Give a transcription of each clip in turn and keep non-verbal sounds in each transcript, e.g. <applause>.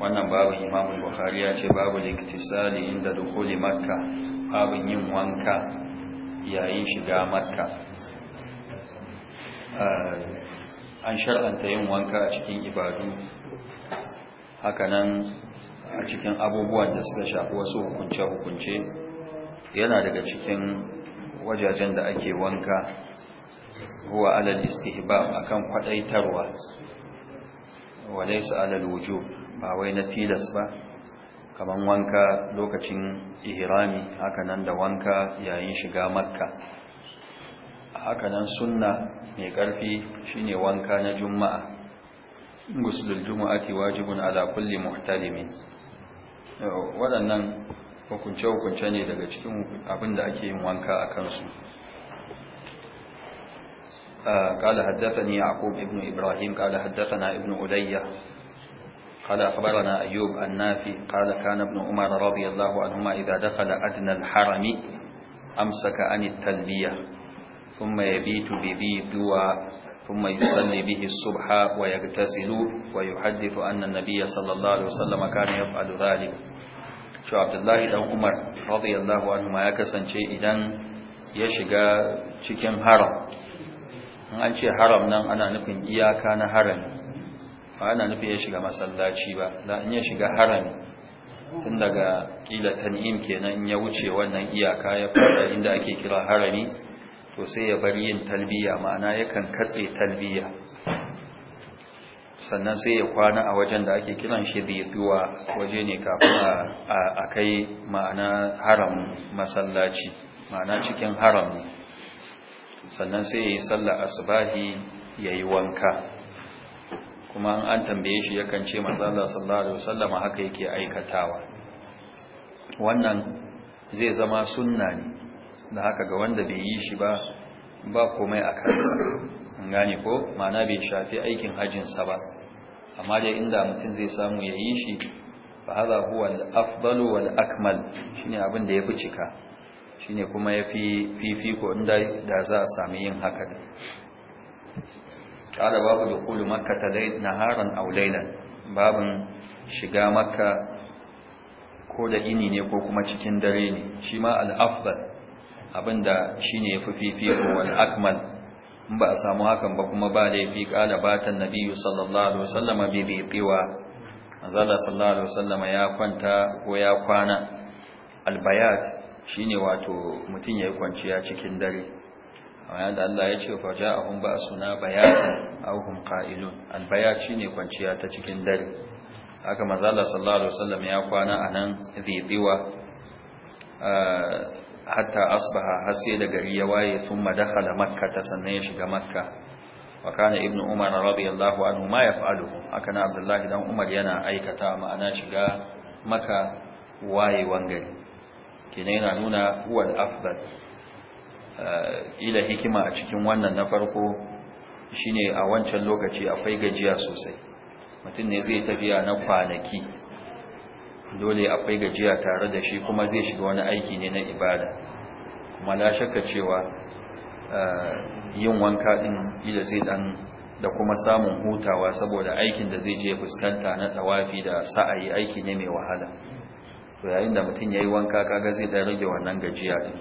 wannan babu imamun bukhari ya ce babu liktisali inda dukuli makka babu yin wanka yayin shiga makka eh, an shar'anta yin wanka a cikin ibadu hakanan a cikin abubuwan da suka shafi wasu hukunce-hukunce yana daga cikin wajajen da ake wanka huwa alal istihbab akan kwadaitarwa walaysa alal wujub ba wai na tilas ba kaman wanka lokacin ihrami hakanan da wanka yayin shiga makka hakanan sunna mai karfi shine wanka na juma'a guslul jumu'ati wajibun ala kulli muhtalimin waɗannan hukunce-hukunce ne daga cikin abin da ake yin wanka a kansu قال حدثني يعقوب ابن إبراهيم قال حدثنا ابن ألية قال أخبرنا أيوب النافي قال كان ابن عمر رضي الله عنهما إذا دخل أدنى الحرم أمسك عن التلبية ثم يبيت بذي دواء ثم يصلي به الصبح ويغتسل ويحدث أن النبي صلى الله عليه وسلم كان يفعل ذلك شو عبد الله بن عمر رضي الله عنهما يكسن شيء إذن يشقى شكم هرم in an ce haram nan ana nufin iyaka na harami ba ana nufin ya shiga masallaci ba da in ya shiga harami tun daga kila tan'im kenan in ya wuce wannan iyaka ya fara inda ake kira harami to sai ya bar yin talbiya ma'ana yakan katse talbiya sannan sai ya kwana a wajen da ake kiran shi biyuwa waje ne kafin a kai ma'ana haram masallaci ma'ana cikin haram ne. sannan sai ya yi sallar asbahi ya yi wanka kuma an tambaye shi yakan ce mazala sallallahu alaihi wasallama haka yake aikatawa wannan zai zama sunna ne da haka ga wanda bai yi shi ba ba komai a kansa an gane ko Mana bai shafi aikin hajjinsa ba amma dai inda mutum zai samu ya yi shi ba a huwa al wa da akmal ne abin da ya fi cika Shi ne kuma ya fi fifiko inda da za a sami yin haka ne ƙada babu da kulu makka ta naharan aulailan babin shiga maka ko da ini ne ko kuma cikin dare ne shi ma al'afbal abinda shi ne ya fi fifiko wal'akmal in ba a samu hakan ba kuma ba laifi ƙala batan biyu sallallahu alaihi wasallama bi sallallahu alaihi wasallama ya kwanta ko ya kwana albayat shine wato mutum yayi kwanciya cikin dare amma da Allah ya ce a ja'ahum ba'suna bayatan aw hum qa'ilun albaya ne kwanciya ta cikin dare haka mazala sallallahu alaihi wasallam ya kwana a nan zibiwa eh, hatta asbaha har sai da gari ya waye sun madakhala makka ta sannan ya shiga makka wa kana ibnu umar radiyallahu anhu ma yaf'aluhu haka na abdullahi dan umar yana aikata ma'ana shiga maka wayewan gari kenan yana nuna huwa al-afdal eh, ila hikima a cikin wannan na farko shine a wancan lokaci akwai gajiya sosai mutum ne zai tafiya na kwanaki dole akwai gajiya tare da shi kuma zai shiga wani aiki ne na ibada kuma la shakka cewa eh, yin wanka din ila zai dan da kuma samun hutawa saboda aikin da zai je fuskanta na tawafi da sa'ayi aiki ne mai wahala to yayin da mutum yayi wanka kaga zai dan rage wannan gajiya din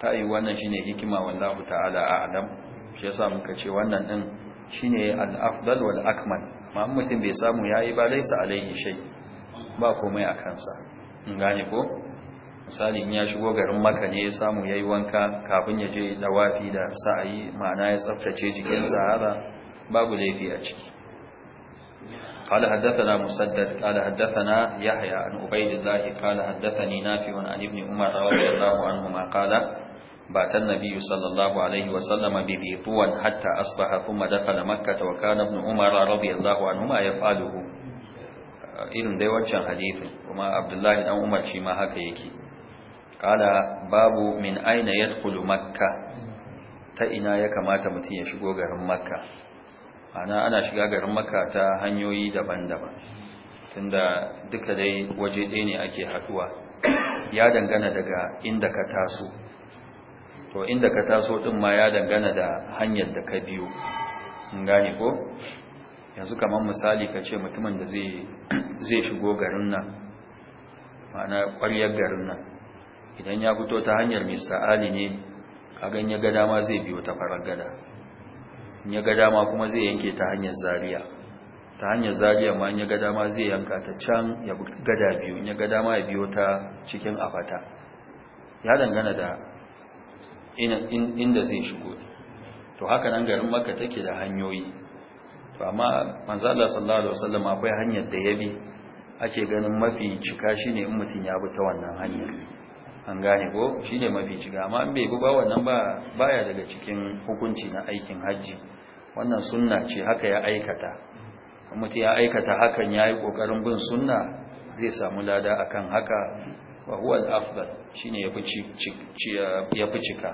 ta yi wannan shine hikima wallahu ta'ala a'lam shi yasa muka ce wannan din shine al-afdal wal akmal amma mutum bai samu yayi ba laisa alaihi shay ba komai a kansa in gane ko misali in ya shigo garin maka ne ya samu yayi wanka kafin ya je dawafi da sa'ayi ma'ana ya tsaftace jikin sahara. babu laifi a ciki قال حدثنا مسدد قال حدثنا يحيى عن عبيد الله قال حدثني نافع عن ابن عمر رضي الله عنهما قال بعث النبي صلى الله عليه وسلم بذي طوى حتى أصبح ثم دخل مكة وكان ابن عمر رضي الله عنهما يفعله irin dai wancan hadisin kuma abdullahi dan umar shi ma haka yake kala babu min aina yadkhulu makka ta ina ya kamata mutum ya shigo garin makka ana ana shiga garin maka ta hanyoyi daban-daban tunda duka dai waje ɗaya ne ake haduwa ya dangana daga inda ka taso to inda ka taso ɗin ma ya dangana da hanyar da ka biyo in gane ko yanzu kamar misali ka ce mutumin da zai shigo garin nan ma'ana ƙwaryar garin nan idan ya fito ta hanyar mista ali ne ka ganye gada ma zai biyo ta farar gada in ya ga dama kuma zai yanke ta hanyar zariya ta hanyar zariya ma in ya ga dama zai yanka ta can ya gada biyu in ya ga dama ya biyo ta cikin afata ya dangana da inda zai shigo to haka nan garin maka take da hanyoyi to amma manzo Allah sallallahu alaihi wasallam akwai hanyar da yabi ake ganin mafi cika shine in mutun ya bi ta wannan hanyar an gane ko shine mafi cika amma in bai bi ba wannan ba baya daga cikin hukunci na aikin hajji. wannan sunna ce haka ya aikata mutum ya aikata hakan ya yi ƙoƙarin bin sunna zai samu lada akan haka wa huwa al-afdal shine yafi cika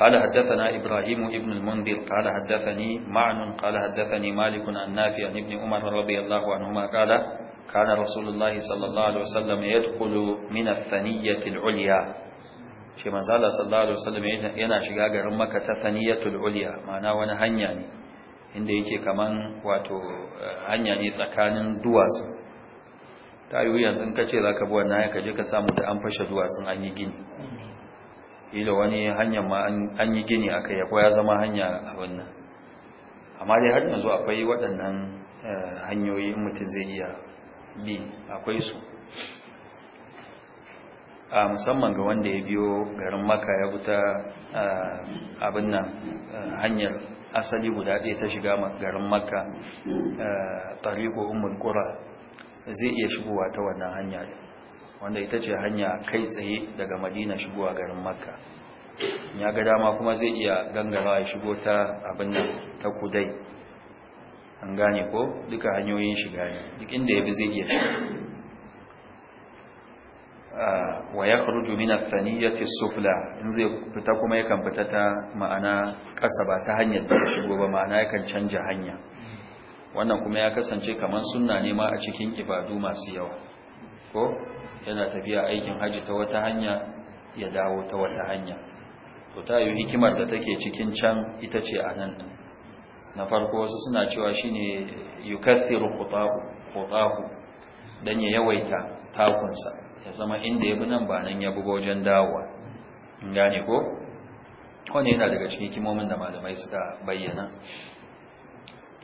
قال حدثنا إبراهيم ابن المنذر قال حدثني معن قال حدثني مالك عن نافع عن ابن عمر رضي الله عنهما قال كان رسول الله صلى الله عليه وسلم يدخل من الثنية العليا ce manzala sallallahu alaihi wasallam yana shiga garin Makka ta Ulya ma'ana wani hanya ne inda yake kaman wato eh, hanya ne tsakanin duwatsu ta yi wuyan sun kace zaka bi wannan hanya kaje ka samu da an fashe duwatsun an yi gini ila wani hanyar ma an yi gini aka yabo ya zama hanya a wannan. amma dai har yanzu akwai waɗannan eh, hanyoyi mutum zai iya bi akwai su a musamman ga wanda ya biyo garin maka ya buta abin nan hanyar asali guda ɗaya ta shiga garin maka tariko umar kura zai iya shigowa ta wannan hanya wanda ita ce hanya kai tsaye daga madina shigowa garin maka ya ga dama kuma zai iya gangarawa ya shigo ta abin nan ta kudai an gane ko duka hanyoyin shiga ne duk inda ya bi zai iya shiga wa ya kharuju min at sufla in zai fita kuma yakan fita ta ma'ana ƙasa ba ta hanyar da shigo ba ma'ana yakan canja hanya wannan kuma ya kasance kamar sunna nema a cikin ibadu masu yawa ko yana tafiya aikin haji ta wata hanya ya dawo ta wata hanya to ta yi hikimar da take cikin can ita ce a nan na farko wasu suna cewa shine yukathiru qutahu qutahu dan ya yawaita takunsa ya zama inda ya bi nan ba nan ya bi wajen dawowa gane ko wani yana daga cikin kimomin da malamai suka bayyana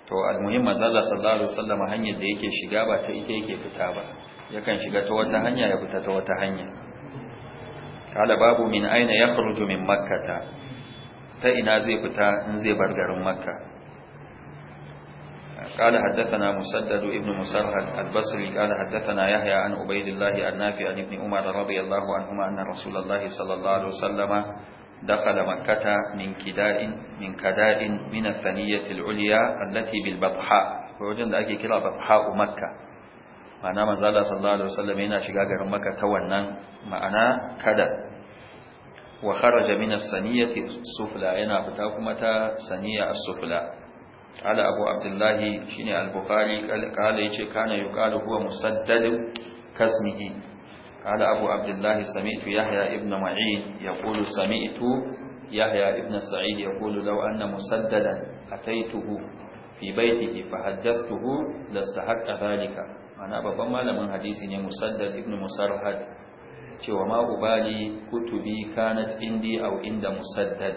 to almuhim mazalla sallallahu alaihi wasallam hanyar da yake shiga ba ta ita yake fita ba yakan shiga ta wata hanya ya fita ta wata hanya kala babu min aina yakhruju min makkah ta ina zai fita in zai bar garin makka قال حدثنا مسدد ابن مسرهد البصري قال حدثنا يحيى عن عبيد الله النافع عن ابن عمر رضي الله عنهما أن رسول الله صلى الله عليه وسلم دخل مكة من كداء من كداء من الثنية العليا التي بالبطحاء وجند أكي كلا بطحاء مكة معنى ما زال صلى الله عليه وسلم هنا شقاقر مكة تونا معنى كدا وخرج من الثنية السفلى هنا بتاكمة ثنية السفلى قال أبو عبد الله شيني البخاري قال قال يجي كان يقال هو مسدد كاسمه قال أبو عبد الله سمعت يحيى ابن معين يقول سمعت يحيى ابن سعيد يقول لو أن مسددا أتيته في بيته فحدثته لاستحق ذلك أنا بابا ما لمن حديثي مسدد ابن مسرهد cewa ma ubali kutubi kanat indi au inda musaddad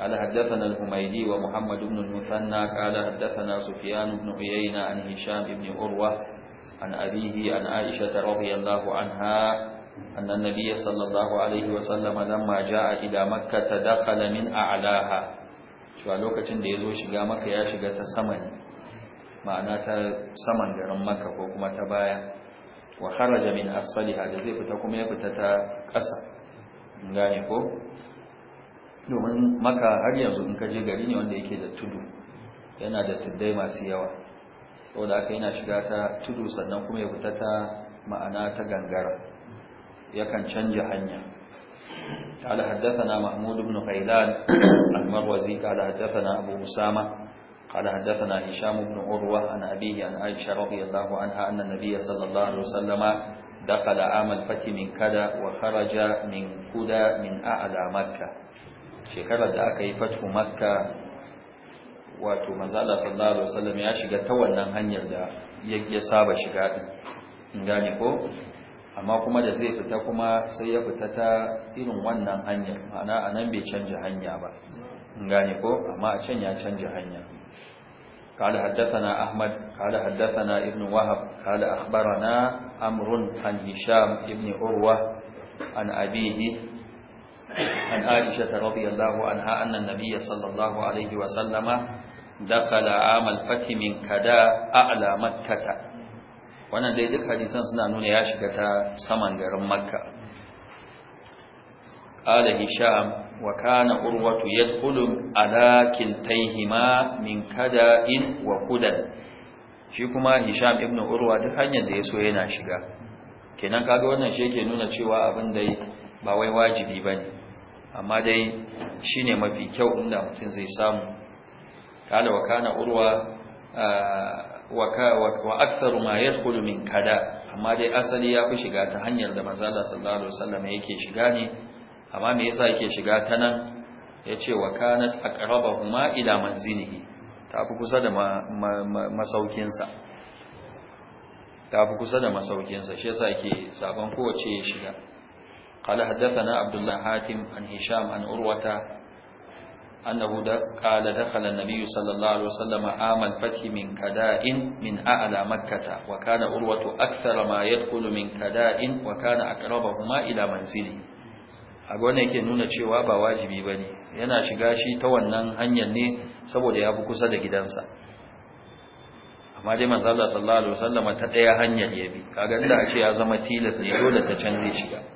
قال حدثنا الحميدي ومحمد بن المثنى قال حدثنا سفيان بن عيينة عن هشام بن عروة عن أبيه عن عائشة رضي الله عنها أن النبي صلى الله عليه وسلم لما جاء إلى مكة دخل من أعلاها شو لوكacin da yazo shiga maka ya shiga ta sama ne ma'ana ta saman garin maka ko kuma ta baya wa kharaja min asfaliha da zai fita kuma ya fita ta ƙasa gane ko domin maka har yanzu in ka je gari ne wanda yake da tudu yana da tuddai masu yawa saboda aka yana shiga ta tudu sannan kuma ya fita ta ma'ana ta gangara yakan canja hanya قال حدثنا محمود بن غيلان المروزي قال حدثنا أبو مسامة قال حدثنا هشام بن عروة عن أبيه عن عائشة رضي الله عنها أن النبي صلى الله عليه وسلم دخل عام الفتح من كدا وخرج من كدا من أعلى مكة shekarar da aka yi fatu makka wato manzala sallallahu alaihi wasallam ya shiga ta wannan hanyar da ya saba shiga din gane ko amma kuma da zai fita kuma sai ya fita ta irin wannan hanyar ma'ana a nan bai canja hanya ba gane ko amma a can ya canja hanya قال حدثنا أحمد قال حدثنا ابن وهب قال أخبرنا أمر عن هشام ابن عروة عن أبيه عن عائشة رضي الله عنها أن النبي صلى الله عليه وسلم دخل عام الفتح من كدا أعلى مكة wannan dai duk hadisan suna nuna ya shiga ta saman garin makka qala hisham wa kana urwatu yadkhulu ala kintayhima min kada'in wa kudan shi kuma hisham Ibn urwa duk hanyar da so yana shiga kenan kaga wannan shi yake nuna cewa abin dai ba wai wajibi bane amma dai shi ne mafi kyau inda mutum zai samu kala wa kana urwa wa aktharu ma kudu min kada amma dai asali ya fi shiga ta hanyar da mazala sallallahu alaihi wasallam yake shiga ne amma me yasa yake shiga ta nan Ya ce wa kanat aqrabahuma ila manzilihi ta fi kusa da masaukinsa. ta fi kusa da masaukinsa. shi yasa yake sabon kowace ya shiga قال حدثنا عبد الله حاتم عن هشام عن عروة أنه قال دخل النبي صلى الله عليه وسلم عام الفتح من كداء من أعلى مكة وكان عروة أكثر ما يدخل من كداء وكان أقربهما إلى منزله agwane yake nuna cewa ba wajibi bane yana shiga shi ta wannan hanyar ne saboda ya fi kusa da gidansa amma dai manzo Allah sallallahu alaihi wasallam ta daya hanyar ya bi kaga da a ce ya zama tilas ne dole ta canze shiga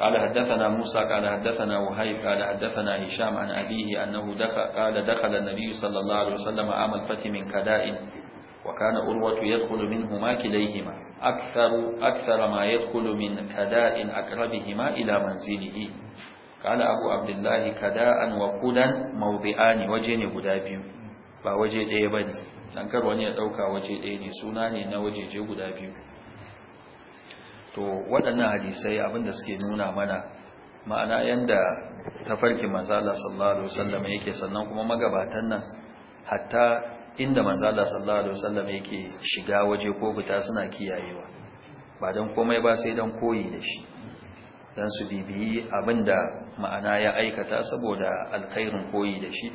قال حدثنا موسى قال حدثنا وهيب قال حدثنا هشام عن أبيه أنه دخل قال دخل النبي صلى الله عليه وسلم عام الفتح من كداء وكان أروة يدخل منهما كليهما أكثر, أكثر ما يدخل من كداء أقربهما إلى منزله قال أبو عبد الله كداء وقدا موضعان وجن غدابي ba waje ɗaya ba ne ɗankar wani ya ɗauka waje ɗaya ne suna ne to waɗannan hadisai abinda suke nuna mana ma'ana yanda tafarkin manzala sallallahu alaihi wasallam yake sannan kuma magabatan nan hatta inda manzala sallallahu alaihi wasallam yake shiga waje ko fita suna kiyayewa ba dan komai ba sai dan koyi da shi dan su bibiyi abinda ma'ana ya aikata saboda alkhairin koyi da shi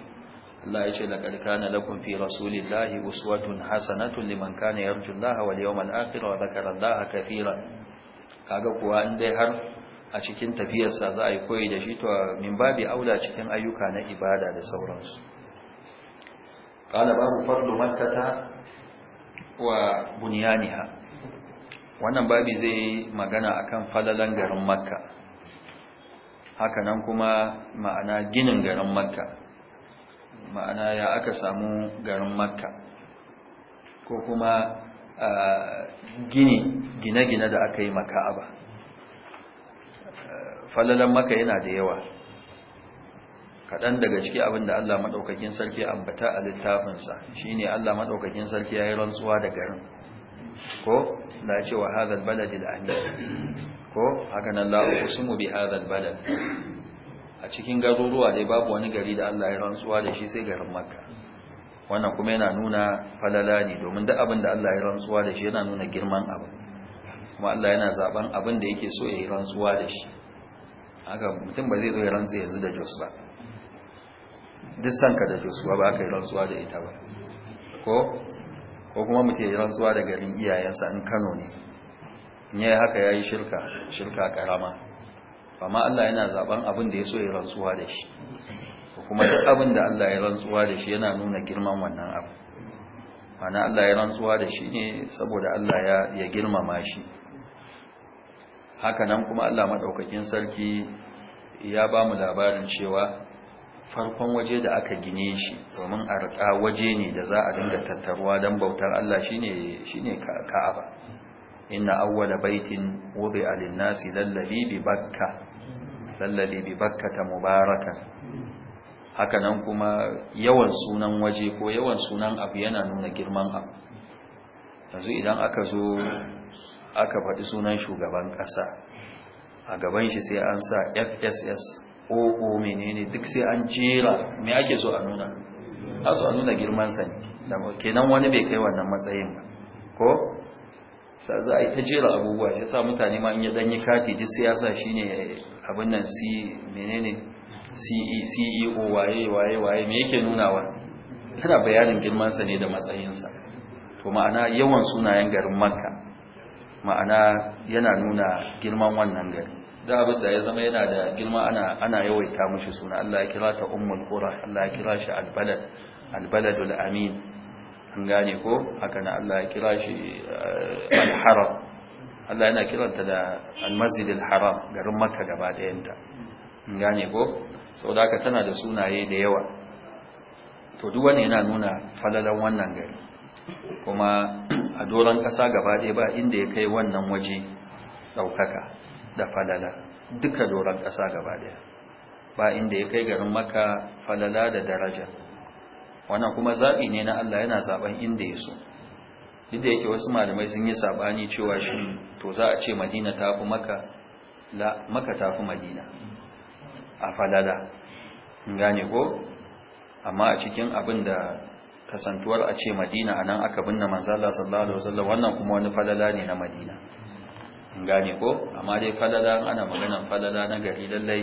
Allah ya ce laqad kana lakum fi rasulillahi uswatun hasanatun liman kana yarjullaha wal yawmal akhir wa dhakara Allah katiran kaga kuwa in dai har a cikin tafiyarsa za a yi koyi da shi to min babi aula cikin ayyuka na ibada da sauransu qala babu fardu makkata wa bunyaniha wannan babi zai magana akan falalan garin makka hakanan kuma ma'ana ginin garin makka ma'ana ya aka samu garin makka ko kuma gini gine-gine da aka yi maka'aba falalan maka yana da yawa kaɗan daga ciki abinda Allah maɗaukakin sarki ambata a littafinsa shi ne Allah maɗaukakin sarki ya yi rantsuwa da garin ko da ya ce wa hadal baladil amin ko haka nan la'uku su mu bi hadal balad a cikin garuruwa dai babu wani gari da Allah ya rantsuwa da shi sai garin makka wannan kuma yana nuna falala ne domin duk abin da Allah ya rantsuwa da shi yana nuna girman abin kuma Allah yana zaben abin da yake so ya yi rantsuwa da shi haka mutum ba zai zo ya rantsa yanzu da Jos ba duk sanka da Jos ba ka yi rantsuwa da ita ba ko ko kuma mutum ya yi rantsuwa da garin iyayensa in Kano ne in yayi haka yayi shirka shirka karama amma Allah yana zaben abin da ya so ya rantsuwa da shi kuma duk abin da Allah ya rantsuwa da shi yana nuna girman wannan abu mana Allah ya rantsuwa da shi ne saboda Allah ya girmama shi haka nan kuma Allah maɗaukakin sarki ya ba mu labarin cewa farkon waje da aka gine shi domin a rika waje ne da za a dinga tattaruwa don bautar Allah shine shine Ka'aba inna awwala baitin wudi'a lin-nasi lallabi bi Bakka lallabi bi Bakka ta mubarakan hakanan kuma yawan sunan waje ko yawan sunan abu yana nuna girman abu yanzu idan aka zo aka faɗi sunan shugaban ƙasa a gaban shi sai an sa fss oo menene duk sai an jera me ake so a nuna a so a nuna girmansa ne kenan wani bai kai wannan matsayin ba ko sa za a yi ta jera abubuwa ya sa mutane ma in ya ɗanyi kati duk siyasa shine abin nan si menene ceo e waye waye waye me yake nunawa tana bayanin girmansa ne da matsayinsa to ma'ana yawan sunayen garin makka ma'ana yana nuna girman wannan gari da abin da ya zama yana da girma ana ana yawaita mushi suna Allah ya kira ta ummul qura Allah ya kira shi albalad al amin an gane ko haka na Allah ya kira shi eh, alharam Allah yana kiranta da almasjidil haram garin makka gaba ɗayanta an gane ko da aka tana da sunaye da yawa to duk yana nuna falalan wannan gari kuma a doron ƙasa gaba ɗaya ba inda ya kai wannan waje ɗaukaka da falala duka doron ƙasa gaba ɗaya ba inda ya kai garin maka falala da daraja wannan kuma zaɓi ne na Allah yana zaɓen inda ya so duk yake wasu malamai sun yi saɓani cewa shi to za a ce madina ta fi maka la maka ta fi madina a falala gane ko amma a cikin abin da kasantuwar a ce madina a nan aka binne manzala sallallahu alaihi wasallam wannan kuma wani falala ne na madina gane ko amma dai falala ana maganan falala na gari lallai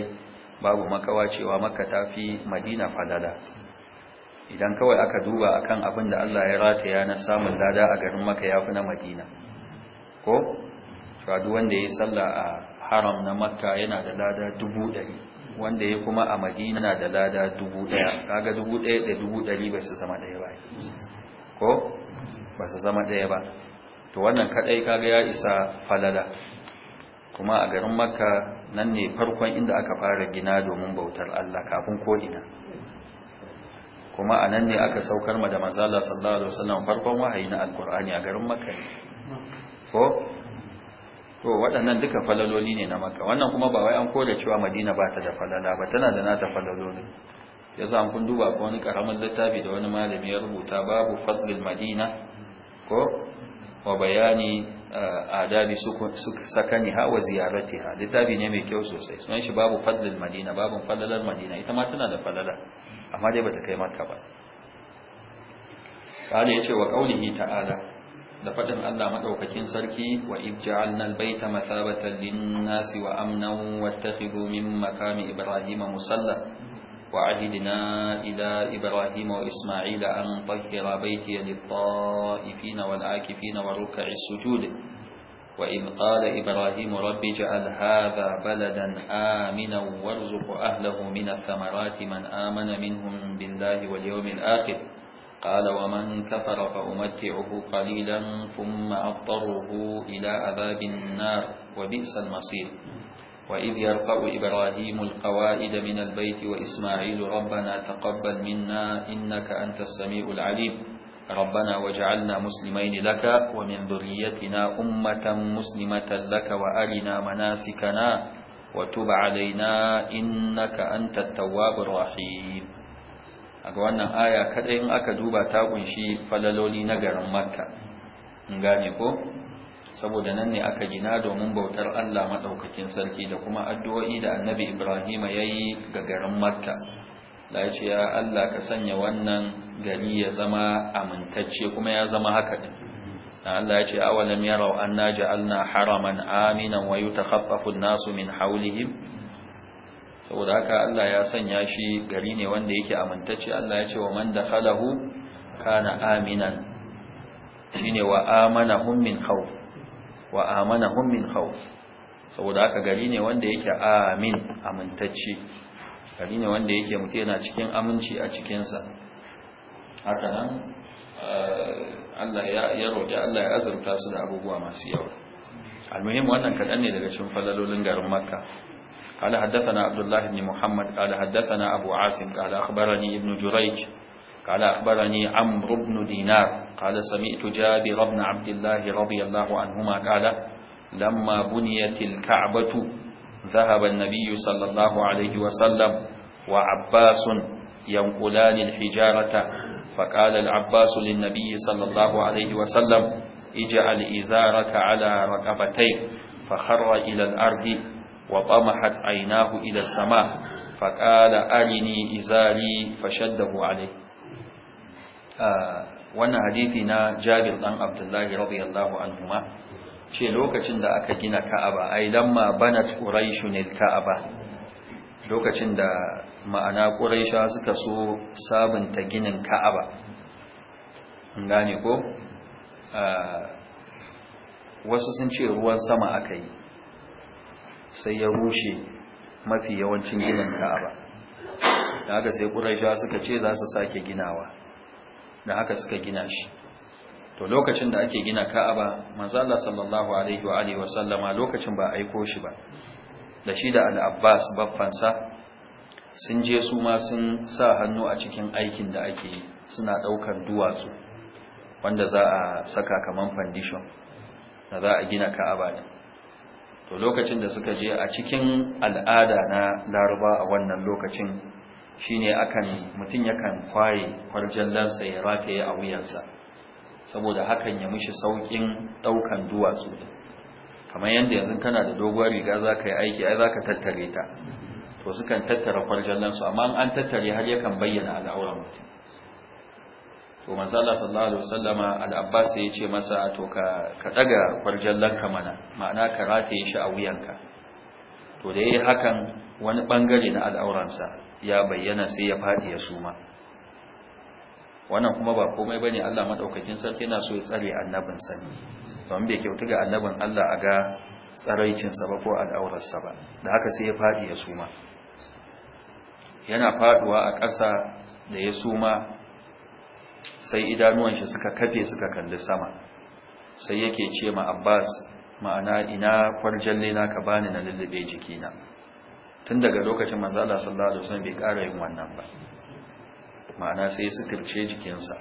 babu makawa cewa makka ta fi madina falala idan kawai aka duba akan abin da Allah ya rataya na samun lada a garin makka yafi na madina ko to wanda ya yi sallah a haram na makka yana da lada dubu ɗari wanda ya kuma a madina da lada dubu ɗaya kaga dubu ɗaya da dubu ɗari ba su zama ɗaya ba ko ba su zama ɗaya ba to wannan kaɗai kaga ya isa falala kuma a garin makka nan ne farkon inda aka fara gina domin bautar allah kafin ina kuma a nan ne aka saukar ma da manzala sallallahu alaihi wasallam farkon wahayi na alkur'ani a garin makka ko to waɗannan duka falaloli ne na maka wannan kuma ba wai an koda cewa madina ba ta da falala ba tana da nata falaloli yasa an kun duba ko wani karamin littafi da wani malami ya rubuta babu fadlil madina ko wa bayani eh, adabi sakani ha wa ziyarati ha littafi ne mai kyau sosai sunan shi babu fadlil madina babu falalar madina ita ma tana da falala amma dai bata kai maka ba قال yace wa تعالى ta'ala da faɗin Allah maɗaukakin sarki wa ibja'alnal baita mathabatan lin wa amnan wattakhidhu min makami ibrahima musalla wa ahidna ila ibrahima wa isma'ila an tahhira baitiya lit-ta'ifina wal-'akifina wa ruk'is sujud wa in qala ibrahimu rabbi ij'al hadha baladan amina warzuq ahlihi min ath-thamarati man amana minhum billahi wal-yawmil akhir قال ومن كفر فأمتعه قليلا ثم أضطره إلى أباب النار وبئس المصير وإذ يرفع إبراهيم القوائد من البيت وإسماعيل ربنا تقبل منا إنك أنت السميع العليم ربنا وجعلنا مسلمين لك ومن ذريتنا أمة مسلمة لك وأرنا مناسكنا وتب علينا إنك أنت التواب الرحيم ga wannan aya kadai in aka duba ta kunshi falaloli na garin makka in gane ko saboda nan ne aka gina domin bautar Allah maɗaukakin sarki da kuma addu'o'i da annabi Ibrahim yayi ga garin makka da ya ce ya Allah ka sanya wannan gari ya zama amintacce kuma ya zama haka din Allah ya ce awalam yarau anna ja'alna haraman aminan wa yutakhaffafu an-nasu min haulihim saboda haka Allah ya sanya shi gari ne wanda yake amintacce Allah ya ce wa man dakhalahu kana aminan shine wa amanahum min khawf wa amanahum min khawf saboda haka gari ne wanda yake amin amintacce gari ne wanda yake muke yana cikin aminci a cikin sa haka nan eh, Allah ya roƙi Allah ya azurta su da abubuwa masu yawa almuhim wannan kaɗan ne daga cikin falalolin garin makka قال حدثنا عبد الله بن محمد قال حدثنا أبو عاصم قال أخبرني ابن جريج قال أخبرني عمرو بن دينار قال سمعت جابر بن عبد الله رضي الله عنهما قال لما بنيت الكعبة ذهب النبي صلى الله عليه وسلم وعباس ينقلان الحجارة فقال العباس للنبي صلى الله عليه وسلم اجعل إزارك على رقبتيك فخر إلى الأرض وطمحت عيناه إلى السماء فقال أرني إزاري فشده عليه wannan hadithi na Jabir dan abdullahi radiyallahu anhuma ce lokacin da aka gina Ka'aba ai lamma banat Quraysh ne Ka'aba lokacin da ma'ana Quraisha suka so sabunta ginin Ka'aba ngane ko wasu sun ce ruwan sama aka yi sai ya rushe mafi yawancin ginin ka'aba da haka sai ƙuraisha suka ce za su sake ginawa da haka suka gina shi to lokacin da ake gina ka'aba manzala sallallahu alaihi wa alihi wasallama lokacin ba aiko shi ba da shi da al'abbas baffansa sun je su ma sun sa hannu a cikin aikin da ake yi suna ɗaukar duwatsu wanda za a saka kaman fandishon da za a gina ka'aba ne to lokacin da suka je a cikin al'ada na laruba a wannan lokacin shine akan mutum yakan kwaye kwarjallarsa ya rataye a wuyansa saboda hakan ya mishi saukin daukan duwatsu kamar yadda yanzu kana da doguwar riga za ka yi aiki ai za ka tattare ta to sukan tattara kwarjallarsu amma an tattare har yakan bayyana al'auran mutum to manzo Allah sallallahu alaihi wasallama al-Abbas ya ce masa to ka ka daga lanka mana ma'ana ka rafe shi a wuyanka to da yayi hakan wani bangare na al'auransa ya bayyana sai ya fadi ya suma wannan kuma ba komai bane Allah madaukakin sarki yana so ya tsare annabin sa ne don bai kyautu ga annabin Allah a ga tsaraicin sa ba ko al'aurarsa sa ba da haka sai ya fadi ya suma yana faduwa a ƙasa da ya suma sai idanuwan shi suka kafe suka kalli sama sai yake ce ma Abbas ma'ana ina ne na ka bani na lullube jikina tun daga lokacin manzo Allah sallallahu alaihi wasallam bai ƙara yin wannan ba ma'ana sai suturce jikinsa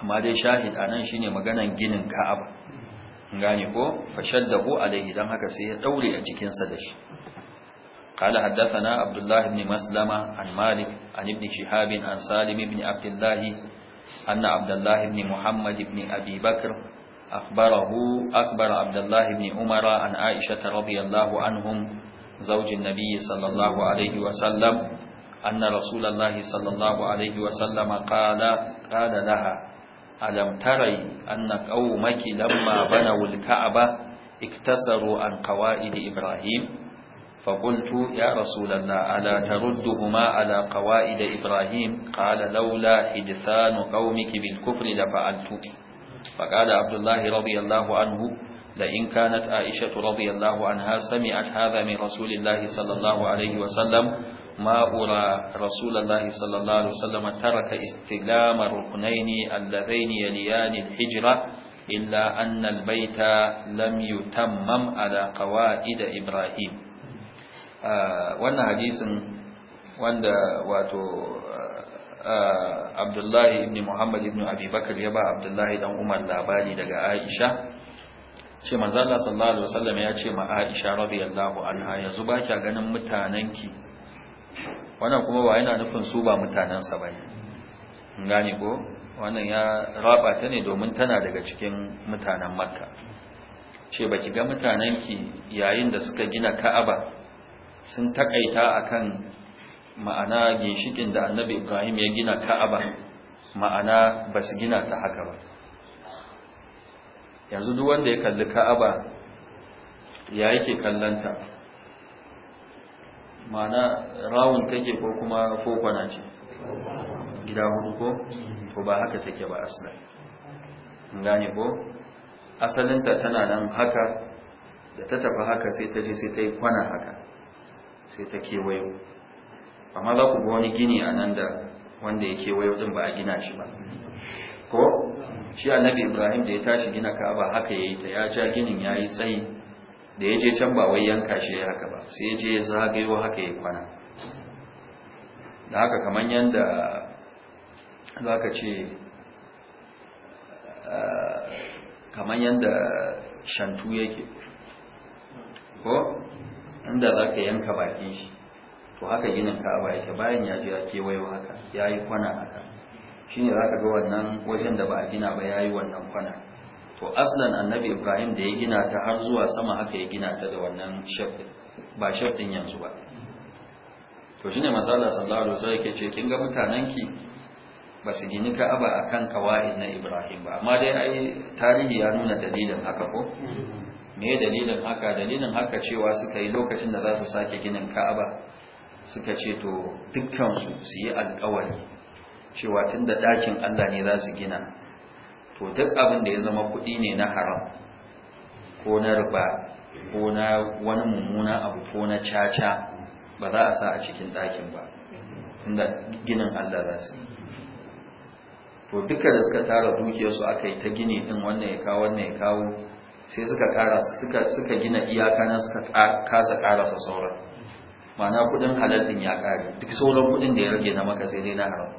amma dai shahid anan shine maganan ginin Ka'aba gane ko fashaddahu alaihi dan haka sai ya daure a jikinsa da shi قال حدثنا عبد الله بن مسلمة عن مالك عن ابن شهاب عن سالم بن عبد الله أن عبد الله بن محمد بن أبي بكر أخبره أخبر عبد الله بن عمر عن عائشة رضي الله عنهم زوج النبي صلى الله عليه وسلم أن رسول الله صلى الله عليه وسلم قال قال لها ألم تري أن قومك لما بنوا الكعبة اكتسروا عن قواعد إبراهيم؟ فقلت يا رسول الله ألا تردهما على قوائد إبراهيم قال لولا حدثان قومك بالكفر لفعلت فقال عبد الله رضي الله عنه لئن كانت عائشة رضي الله عنها سمعت هذا من رسول الله صلى الله عليه وسلم ما أرى رسول الله صلى الله عليه وسلم ترك استلام الركنين اللذين يليان الحجرة إلا أن البيت لم يتمم على قوائد إبراهيم wannan hadisin wanda wato abdullahi ibn muhammad ibn abubakar ya ba abdullahi dan umar labari daga aisha ce manzala sallallahu alaihi wasallam ya ce ma aisha radiyallahu anha yanzu ba kya ganin mutananki wannan kuma ba yana nufin su ba mutanansa bane gane ko wannan ya raba ta ne domin tana daga cikin mutanen makka ce baki ga mutanenki yayin da suka gina ka'aba sun takaita akan ma'ana ginshikin da annabi ibrahim ya gina ka'aba ma'ana ba su gina ta haka ba yanzu duk wanda ya kalli ka'aba ya yake kallanta ma'ana rawun take ko kuma kokona ce gida hudu ko to ba haka take ba asali gane ko asalinta tana nan haka da ta tafi haka sai ta je sai ta yi kwana haka sai ta kewayo amma za ku ga wani gini a nan da wanda ya kewayo din ba a gina shi ba ko shi annabi ibrahim da ya tashi gina ka'aba haka ya yi ta ya ja ginin ya yi tsayi da ya je can ba wai yanka shi ya haka ba sai ya je ya zagayo haka ya kwana da haka kamar yadda za ka ce eh, kamar yadda shantu yake ko inda za ka yanka bakin shi to haka ginin ka'aba yake bayan ya je ya kewayo haka ya yi kwana haka shi ne za ka ga wannan wajen da ba a gina ba ya yi wannan kwana to aslan annabi ibrahim da ya gina ta har zuwa sama haka ya gina ta da wannan shafin ba shafin yanzu ba to shine matsala sallallahu alaihi wasallam yake ce kin ga mutanen ki ba su gini ka'aba akan kawai na ibrahim ba amma dai ai tarihi ya nuna dalilin haka ko me dalilin haka dalilin haka cewa suka yi lokacin da za su sake ginin ka'aba suka ce to dukkansu su yi alkawari cewa tun da ɗakin allah ne za su gina to duk abin da ya zama kuɗi ne na haram ko na riba ko na wani mummuna abu ko na caca ba za a sa a cikin ɗakin ba tun da ginin allah za su yi to duka da suka tara dukiyarsu aka yi ta gini din wannan ya kawo wannan ya kawo sai suka karasa suka suka gina iyaka na suka kasa karasa sauran ma'ana kudin halal din ya kare duk sauran kudin da ya rage na maka sai dai na haram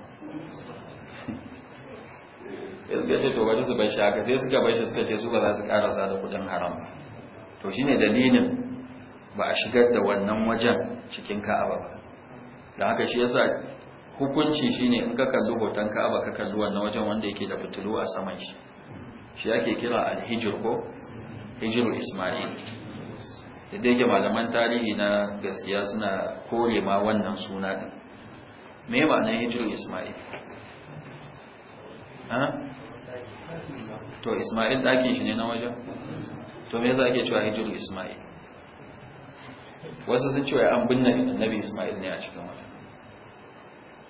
sai suka ce to bari su bar shi haka sai suka bar shi suka ce su ba za su karasa da kudin haram ba to shine dalilin ba a shigar da wannan wajen cikin ka'aba ba da haka shi yasa hukunci shine in ka kalli hoton ka'aba ka kalli wannan wajen wanda yake da fitilu a saman shi shi ake kira alhijir ko hijirul ismail da yake malaman tarihi na gaskiya suna kore ma wannan suna din me na hijirul ismail to ismail ɗakin shi ne na wajen to me za ake cewa hijirul ismail wasu sun cewa an binne annabi ismail ne a cikin wajen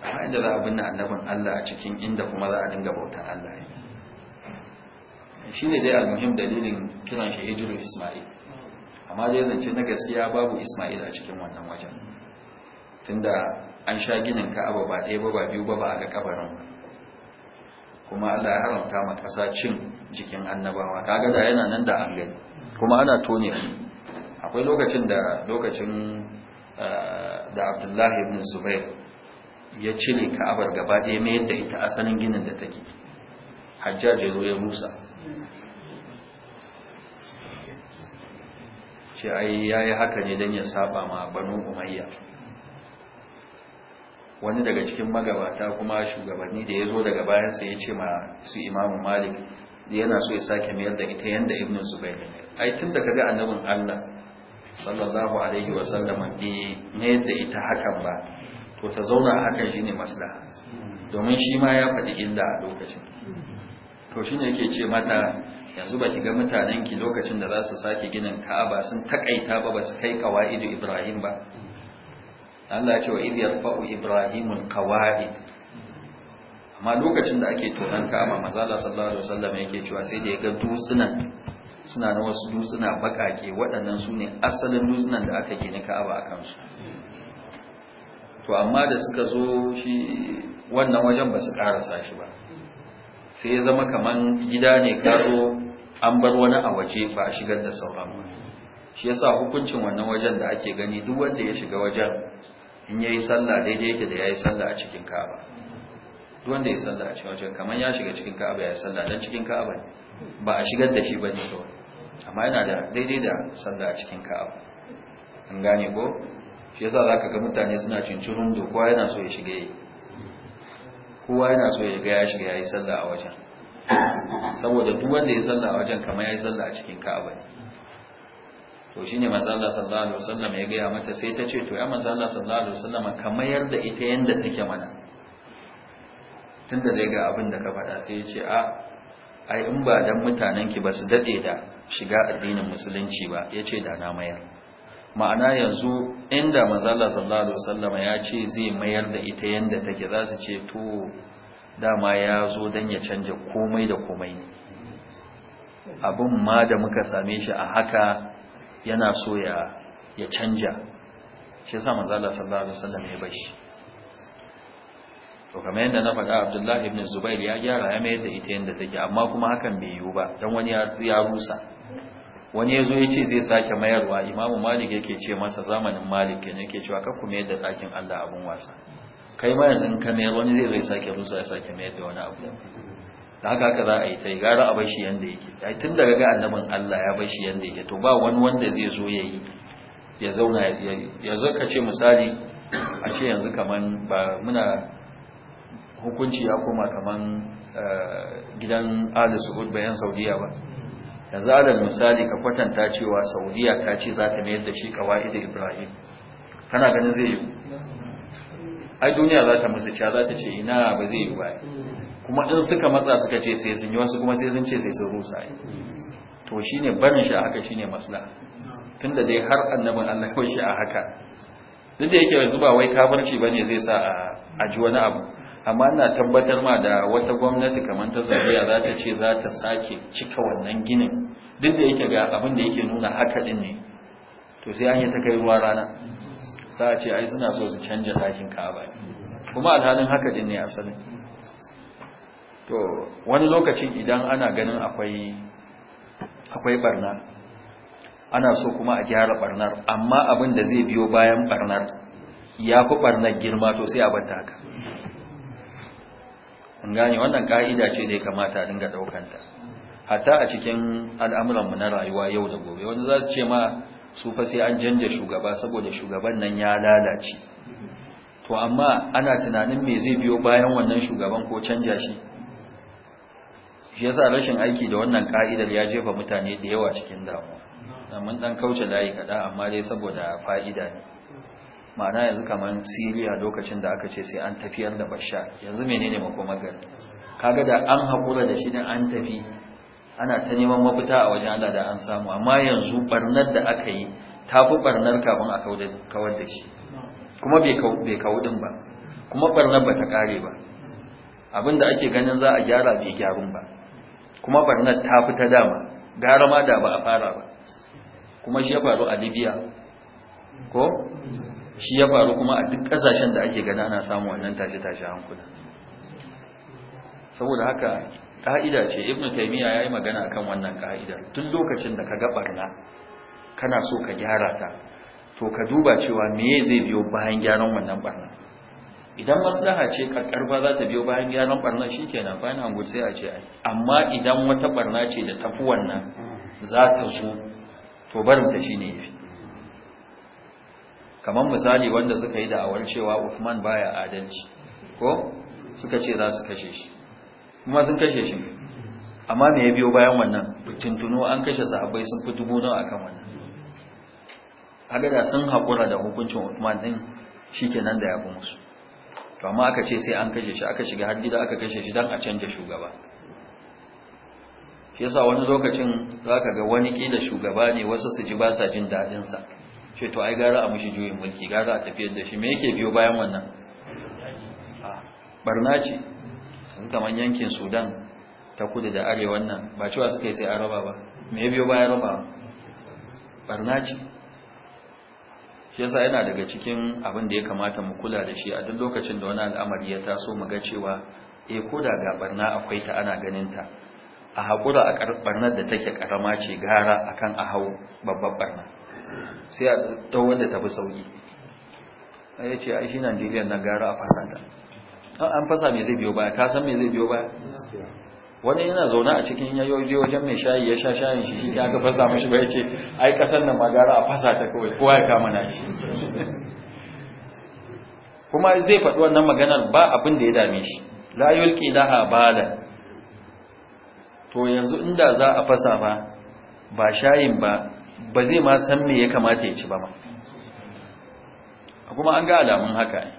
amma inda za a binne annabin allah a cikin inda kuma za a dinga bautar allah ne shi ne dai almuhim dalilin kiran shi hijiru ismail amma dai zance na gaskiya babu ismail a cikin wannan wajen tunda an sha ginin ka'aba ba ɗaya ba ba biyu ba ba a ga kabarin kuma allah ya haramta ma ƙasa cin jikin annabawa kaga da yana nan da an gani kuma ana tone akwai lokacin da lokacin eh, da abdullahi ibn zubair ya cire ka'abar gaba ɗaya mai yadda ita asalin ginin da take hajjaj ya zo ya rusa ce ai yayi haka ne don ya saba ma banu umayya wani daga cikin magabata kuma shugabanni da ya zo daga bayansa ya ce ma su imamu malik yana so ya sake mayar da ita yadda ibn zubair aikin da kaga annabin allah sallallahu alaihi wa sallam bi na da ita hakan ba to ta zauna a hakan shine maslaha domin shi ma ya faɗi illa a lokacin to ne yake ce mata yanzu ba ki ga mutanen ki lokacin da za su sake ginin Ka'aba sun takaita ba su kai kawa'idu Ibrahim ba Allah ya ce wa idh yarfa'u Ibrahimun qawaid amma lokacin da ake tonan Ka'aba manzo sallallahu alaihi wasallam yake cewa sai da ya ga dutsunan suna na wasu dutsuna bakake waɗannan su ne asalin dutsunan da aka gina Ka'aba a kansu to amma da suka zo shi wannan wajen ba su ƙarasa shi ba sai ya zama kaman gida ne karo an bar wani a waje ba a shigar da sauran ba shi yasa hukuncin wannan wajen da ake gani duk wanda ya shiga wajen in yayi sallah daidai yake da yayi sallah a cikin Ka'aba duk wanda ya sallah a cikin wajen kaman ya shiga cikin Ka'aba ya sallah dan cikin Ka'aba ne ba a shigar da shi bane to amma yana da daidai da sallah a cikin Ka'aba an gane ko shi yasa zaka ga mutane suna cincirin kowa yana so ya shige kowa yana so ya ga ya shiga yayi sallah a wajen saboda duk wanda ya sallah a wajen kamar yayi sallah a cikin Ka'aba to shine manzo Allah sallallahu alaihi wasallam ya ga mata sai ta ce to ya manzo Allah sallallahu alaihi wasallam kamar yadda ita yanda take mana tunda dai ga abin da ka faɗa sai ya ce a ai in ba dan mutanen ki ba su dade da shiga addinin musulunci ba yace da na mayar ma'ana yanzu inda mazalla sallallahu alaihi wasallam ya ce zai mayar da ita yanda take za su ce to dama ya zo don ya canja komai da komai abin ma da muka same shi a haka yana so ya ya canja shi yasa mazalla sallallahu alaihi wasallam ya bashi to kamar yadda na faɗa Abdullah ibn Zubair ya gyara ya mayar da ita yanda take amma kuma hakan bai yiwu ba dan wani ya rusa wani ya zo ya ce zai sake mayarwa imamu malik yake ce masa zamanin malik ne yake cewa 'Ka kuma yadda ɗakin allah abin wasa kai ma yanzu in ka mayar wani zai zai sake rusa ya sake mayar da wani abu da haka haka za a yi ta yi gara a bar shi yanda yake tun daga ga annabin allah ya bar shi yanda yake to ba wani wanda zai zo ya yi ya zauna ya zo ka ce misali a ce yanzu kaman ba muna hukunci ya koma kaman eh, gidan ali bayan saudiya ba yanzu misali ka kwatanta cewa saudiya ta ce za ta mayar da shi kawai da ibrahim kana ganin zai yi ai duniya za ta musu cewa za ta ce ina ba zai yi ba kuma in suka matsa suka ce sai sun yi wasu kuma sai sun ce sai sun rusa yi to shine barin shi haka shine maslaha tunda dai har annabin Allah kawai shi a haka duk da yake yanzu ba wai kafirci bane zai sa a ji wani abu amma ina tabbatar ma da wata gwamnati kamar ta saudiya za ta ce za ta sake cika wannan ginin duk da yake ga abin da yake nuna haka din ne to sai an yi ta kai ruwa rana za a ce ai suna so su canja takin ka'aba kuma alhalin haka din ne asalin to wani lokacin idan ana ganin akwai akwai barna ana so kuma a gyara barnar amma abin da zai biyo bayan barnar ya fi barnar girma to sai a banta haka an gane wannan ka'ida ce da ya kamata a dinga daukanta hatta a cikin al'amuranmu na rayuwa yau da gobe wanda za su ce ma su fa sai an janja shugaba saboda shugaban nan ya lalace to amma ana tunanin me zai biyo bayan wannan shugaban ko canja shi shi yasa rashin aiki da wannan ka'idar ya jefa mutane da yawa cikin damuwa mun dan kauce layi kada amma dai saboda fa'ida ne ma'ana yanzu kamar siriya lokacin da aka ce sai an tafiyar da bashar yanzu menene makomar gari kaga da an haƙura da shi din an tafi ana ta neman mafita a wajen Allah da an samu amma yanzu barnar da aka yi ta fi barnar kafin a kawar da shi kuma bai kawo din ba kuma barnar ba ta kare ba abin da ake ganin za a gyara bai gyarun ba kuma barnar ta fi ta dama gara ma da ba a fara ba kuma shi ya faru a libya ko shi ya faru kuma a duk kasashen da ake gana ana samu wannan tashi tashe hankula saboda haka ka'ida ce ibnu ya yi magana kan wannan ka'ida tun lokacin da ka ga barna kana so ka gyara ta to ka duba cewa me zai biyo bayan gyaran wannan barna idan maslaha ce ba za ta biyo bayan gyaran barna shikenan bayan hangu sai a ce amma idan wata barna ce da tafi wannan za ta zo to barin ta shine fi. kamar misali wanda suka yi da'awar cewa Uthman baya adalci ko suka ce za su kashe shi kuma sun kashe shi amma me ya biyo bayan wannan tuntuno an kashe sahabbai sun fi dubu nawa akan wannan haka da sun haƙura da hukuncin Uthman din shikenan da ya fi musu to amma aka ce sai an kashe shi aka shiga har gida aka kashe shi dan a canja shugaba shi yasa wani lokacin zaka ga wani kila shugaba ne wasu su ji ba sa jin dadin sa ce to ai gara a mushi juyin mulki gara a tafiyar da shi me yake biyo bayan wannan ah, barna ce sun kamar yankin sudan ta kudu da arewa nan ba cewa suka yi sai a raba ba me biyo bayan raba barna ce shi yasa yana daga cikin abin da ya kamata mu kula da shi a duk lokacin da wani al'amari ya taso mu ga cewa eh ko da ga barna akwai ta ana ganin ta a haƙura a barnar da take ƙarama ce gara akan a hau babbar barnar sai a ta wanda tafi sauki ya ce ai shi najeriya na gara a fasata. ta ah, an fasa me zai biyo baya ka san me zai biyo baya wani yana zaune a cikin yayoyi wajen mai shayi ya sha shayin shi shi aka fasa mashi ba ya ce ai kasar nan ma gara a fasa ta kawai kowa ya kama na shi kuma zai faɗi wannan maganar ba abin da ya dame shi la yulqi laha bala to yanzu inda za a fasa ba ba shayin ba ba zai ma san me ya kamata ya ci ba ma kuma an ga alamun haka ne.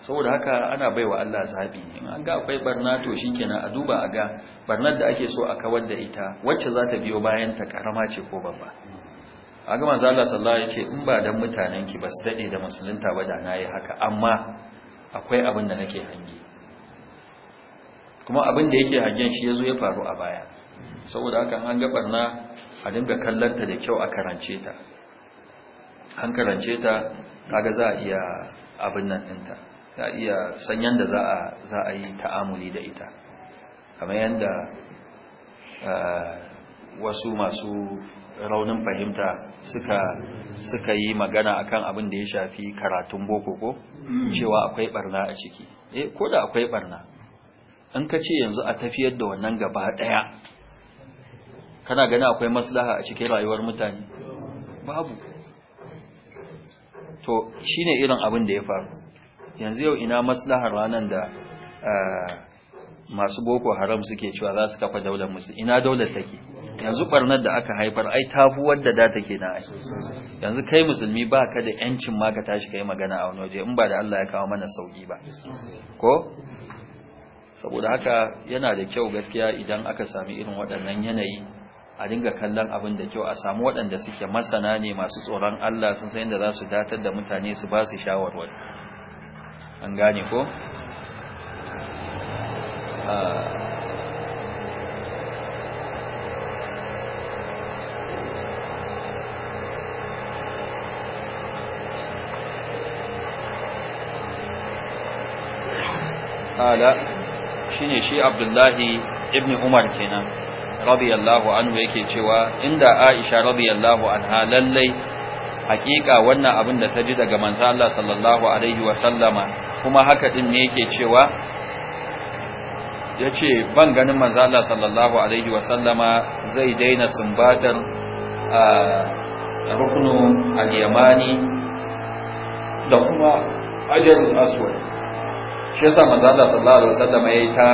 saboda haka ana baiwa Allah zabi in an ga akwai barna to shikenan a duba a ga barnar da ake so a kawar da ita wacce za ta biyo bayan ta karama ce ko babba a ga manzo Allah sallallahu alaihi wasallam in ba dan mutanen ki ba su dade da musulunta ba da nayi haka amma akwai abin da nake hange kuma abin da yake hangen shi yazo ya faru a baya saboda haka an ga barna a dinga kallonta da kyau a karance ta an karance ta kaga za a iya abin nan ɗinta za a iya sanyan da za a yi ta'amuli da ita kamar yadda eh, wasu masu raunin fahimta suka suka yi magana akan abin da ya shafi karatun boko ko cewa akwai barna a ciki eh ko da akwai barna in ka ce yanzu a tafiyar da wannan gaba daya kana gani akwai maslaha a cikin rayuwar mutane babu to shine irin abin da ya faru yanzu yau ina maslahar ranan da eh, masu boko haram suke cewa za su kafa daular musu? ina daular take yanzu barnar da aka haifar ai tafi wadda da take na ai yanzu kai musulmi ba ka da yancin ma ka tashi kai magana a wani waje in ba da Allah ya kawo mana sauki ba ko saboda haka yana da kyau gaskiya idan aka sami irin waɗannan yanayi a dinga kallon abin da kyau a samu waɗanda suke masana ne masu tsoron Allah sun san yadda za su datar da mutane su ba su shawarwari an gane ko ah. ala shine shi abdullahi ibn umar kenan radiyallahu anhu yake cewa inda Aisha radiyallahu anha lallai hakika wannan abin da ta ji daga manzo Allah sallallahu alaihi wa sallama kuma haka din ne yake cewa yace ban ganin manzo Allah sallallahu alaihi wa sallama zai daina sumbatar ruknu al-yamani da kuma ajrul aswad shi yasa manzo Allah sallallahu alaihi wa sallama yayi ta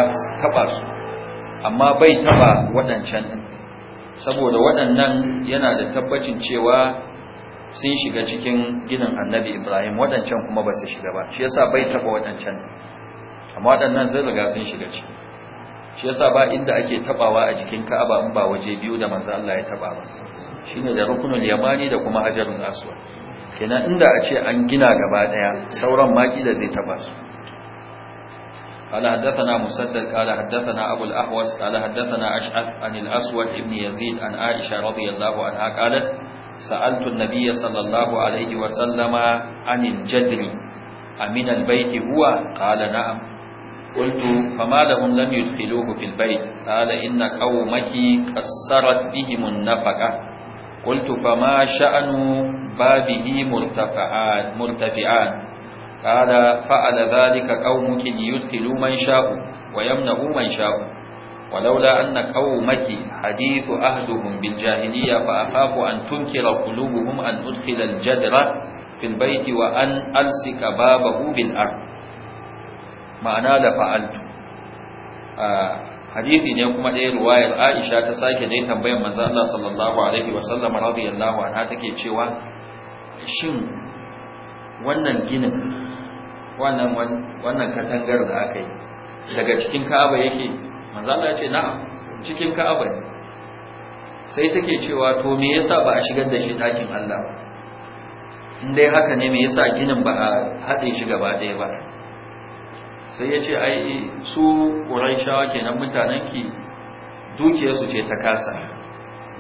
taba su amma bai taba waɗancan ɗin saboda waɗannan yana da tabbacin cewa sun shiga cikin ginin annabi ibrahim waɗancan kuma ba su shiga ba shi yasa bai taba waɗancan ɗin amma waɗannan zai riga sun shiga ciki shi yasa ba inda ake tabawa a jikin ka'aba in ba waje biyu da manzo Allah ya taba ba shine da rukunul yamani da kuma hajarul aswad kenan inda a ce an gina gaba daya sauran maki da zai taba su قال حدثنا مسدد قال حدثنا أبو الأحوص قال حدثنا أشعث عن الأسود ابن يزيد عن عائشة رضي الله عنها قالت سألت النبي صلى الله عليه وسلم عن الجدر أمن البيت هو قال نعم قلت فما لهم لم يدخلوه في البيت قال إن قومك قصرت بهم النفقة قلت فما شأن بابه مرتفعان مرتفعان قال فعل ذلك قومك ليدخلوا من شاءوا ويمنعوا من شاءوا ولولا أن قومك حديث أهدهم بالجاهلية فأخاف أن تنكر قلوبهم أن أدخل الجدر في البيت وأن ألسك بابه بالأرض معنى لفعلت حديثي ne kuma ɗaya ruwayar Aisha ta sake dai tambayar manzo Allah sallallahu alaihi wasallam radiyallahu anha take cewa shin wannan ginin wannan wannan katangar da aka yi daga cikin Ka'aba yake manzo Allah ya ce na'am cikin Ka'aba ne sai take cewa to me yasa ba a shigar da shi dakin Allah in dai haka ne me yasa ginin ba a haɗe shi gaba ɗaya ba sai ya ce ai su Quraishawa kenan mutanen ki su ce ta kasa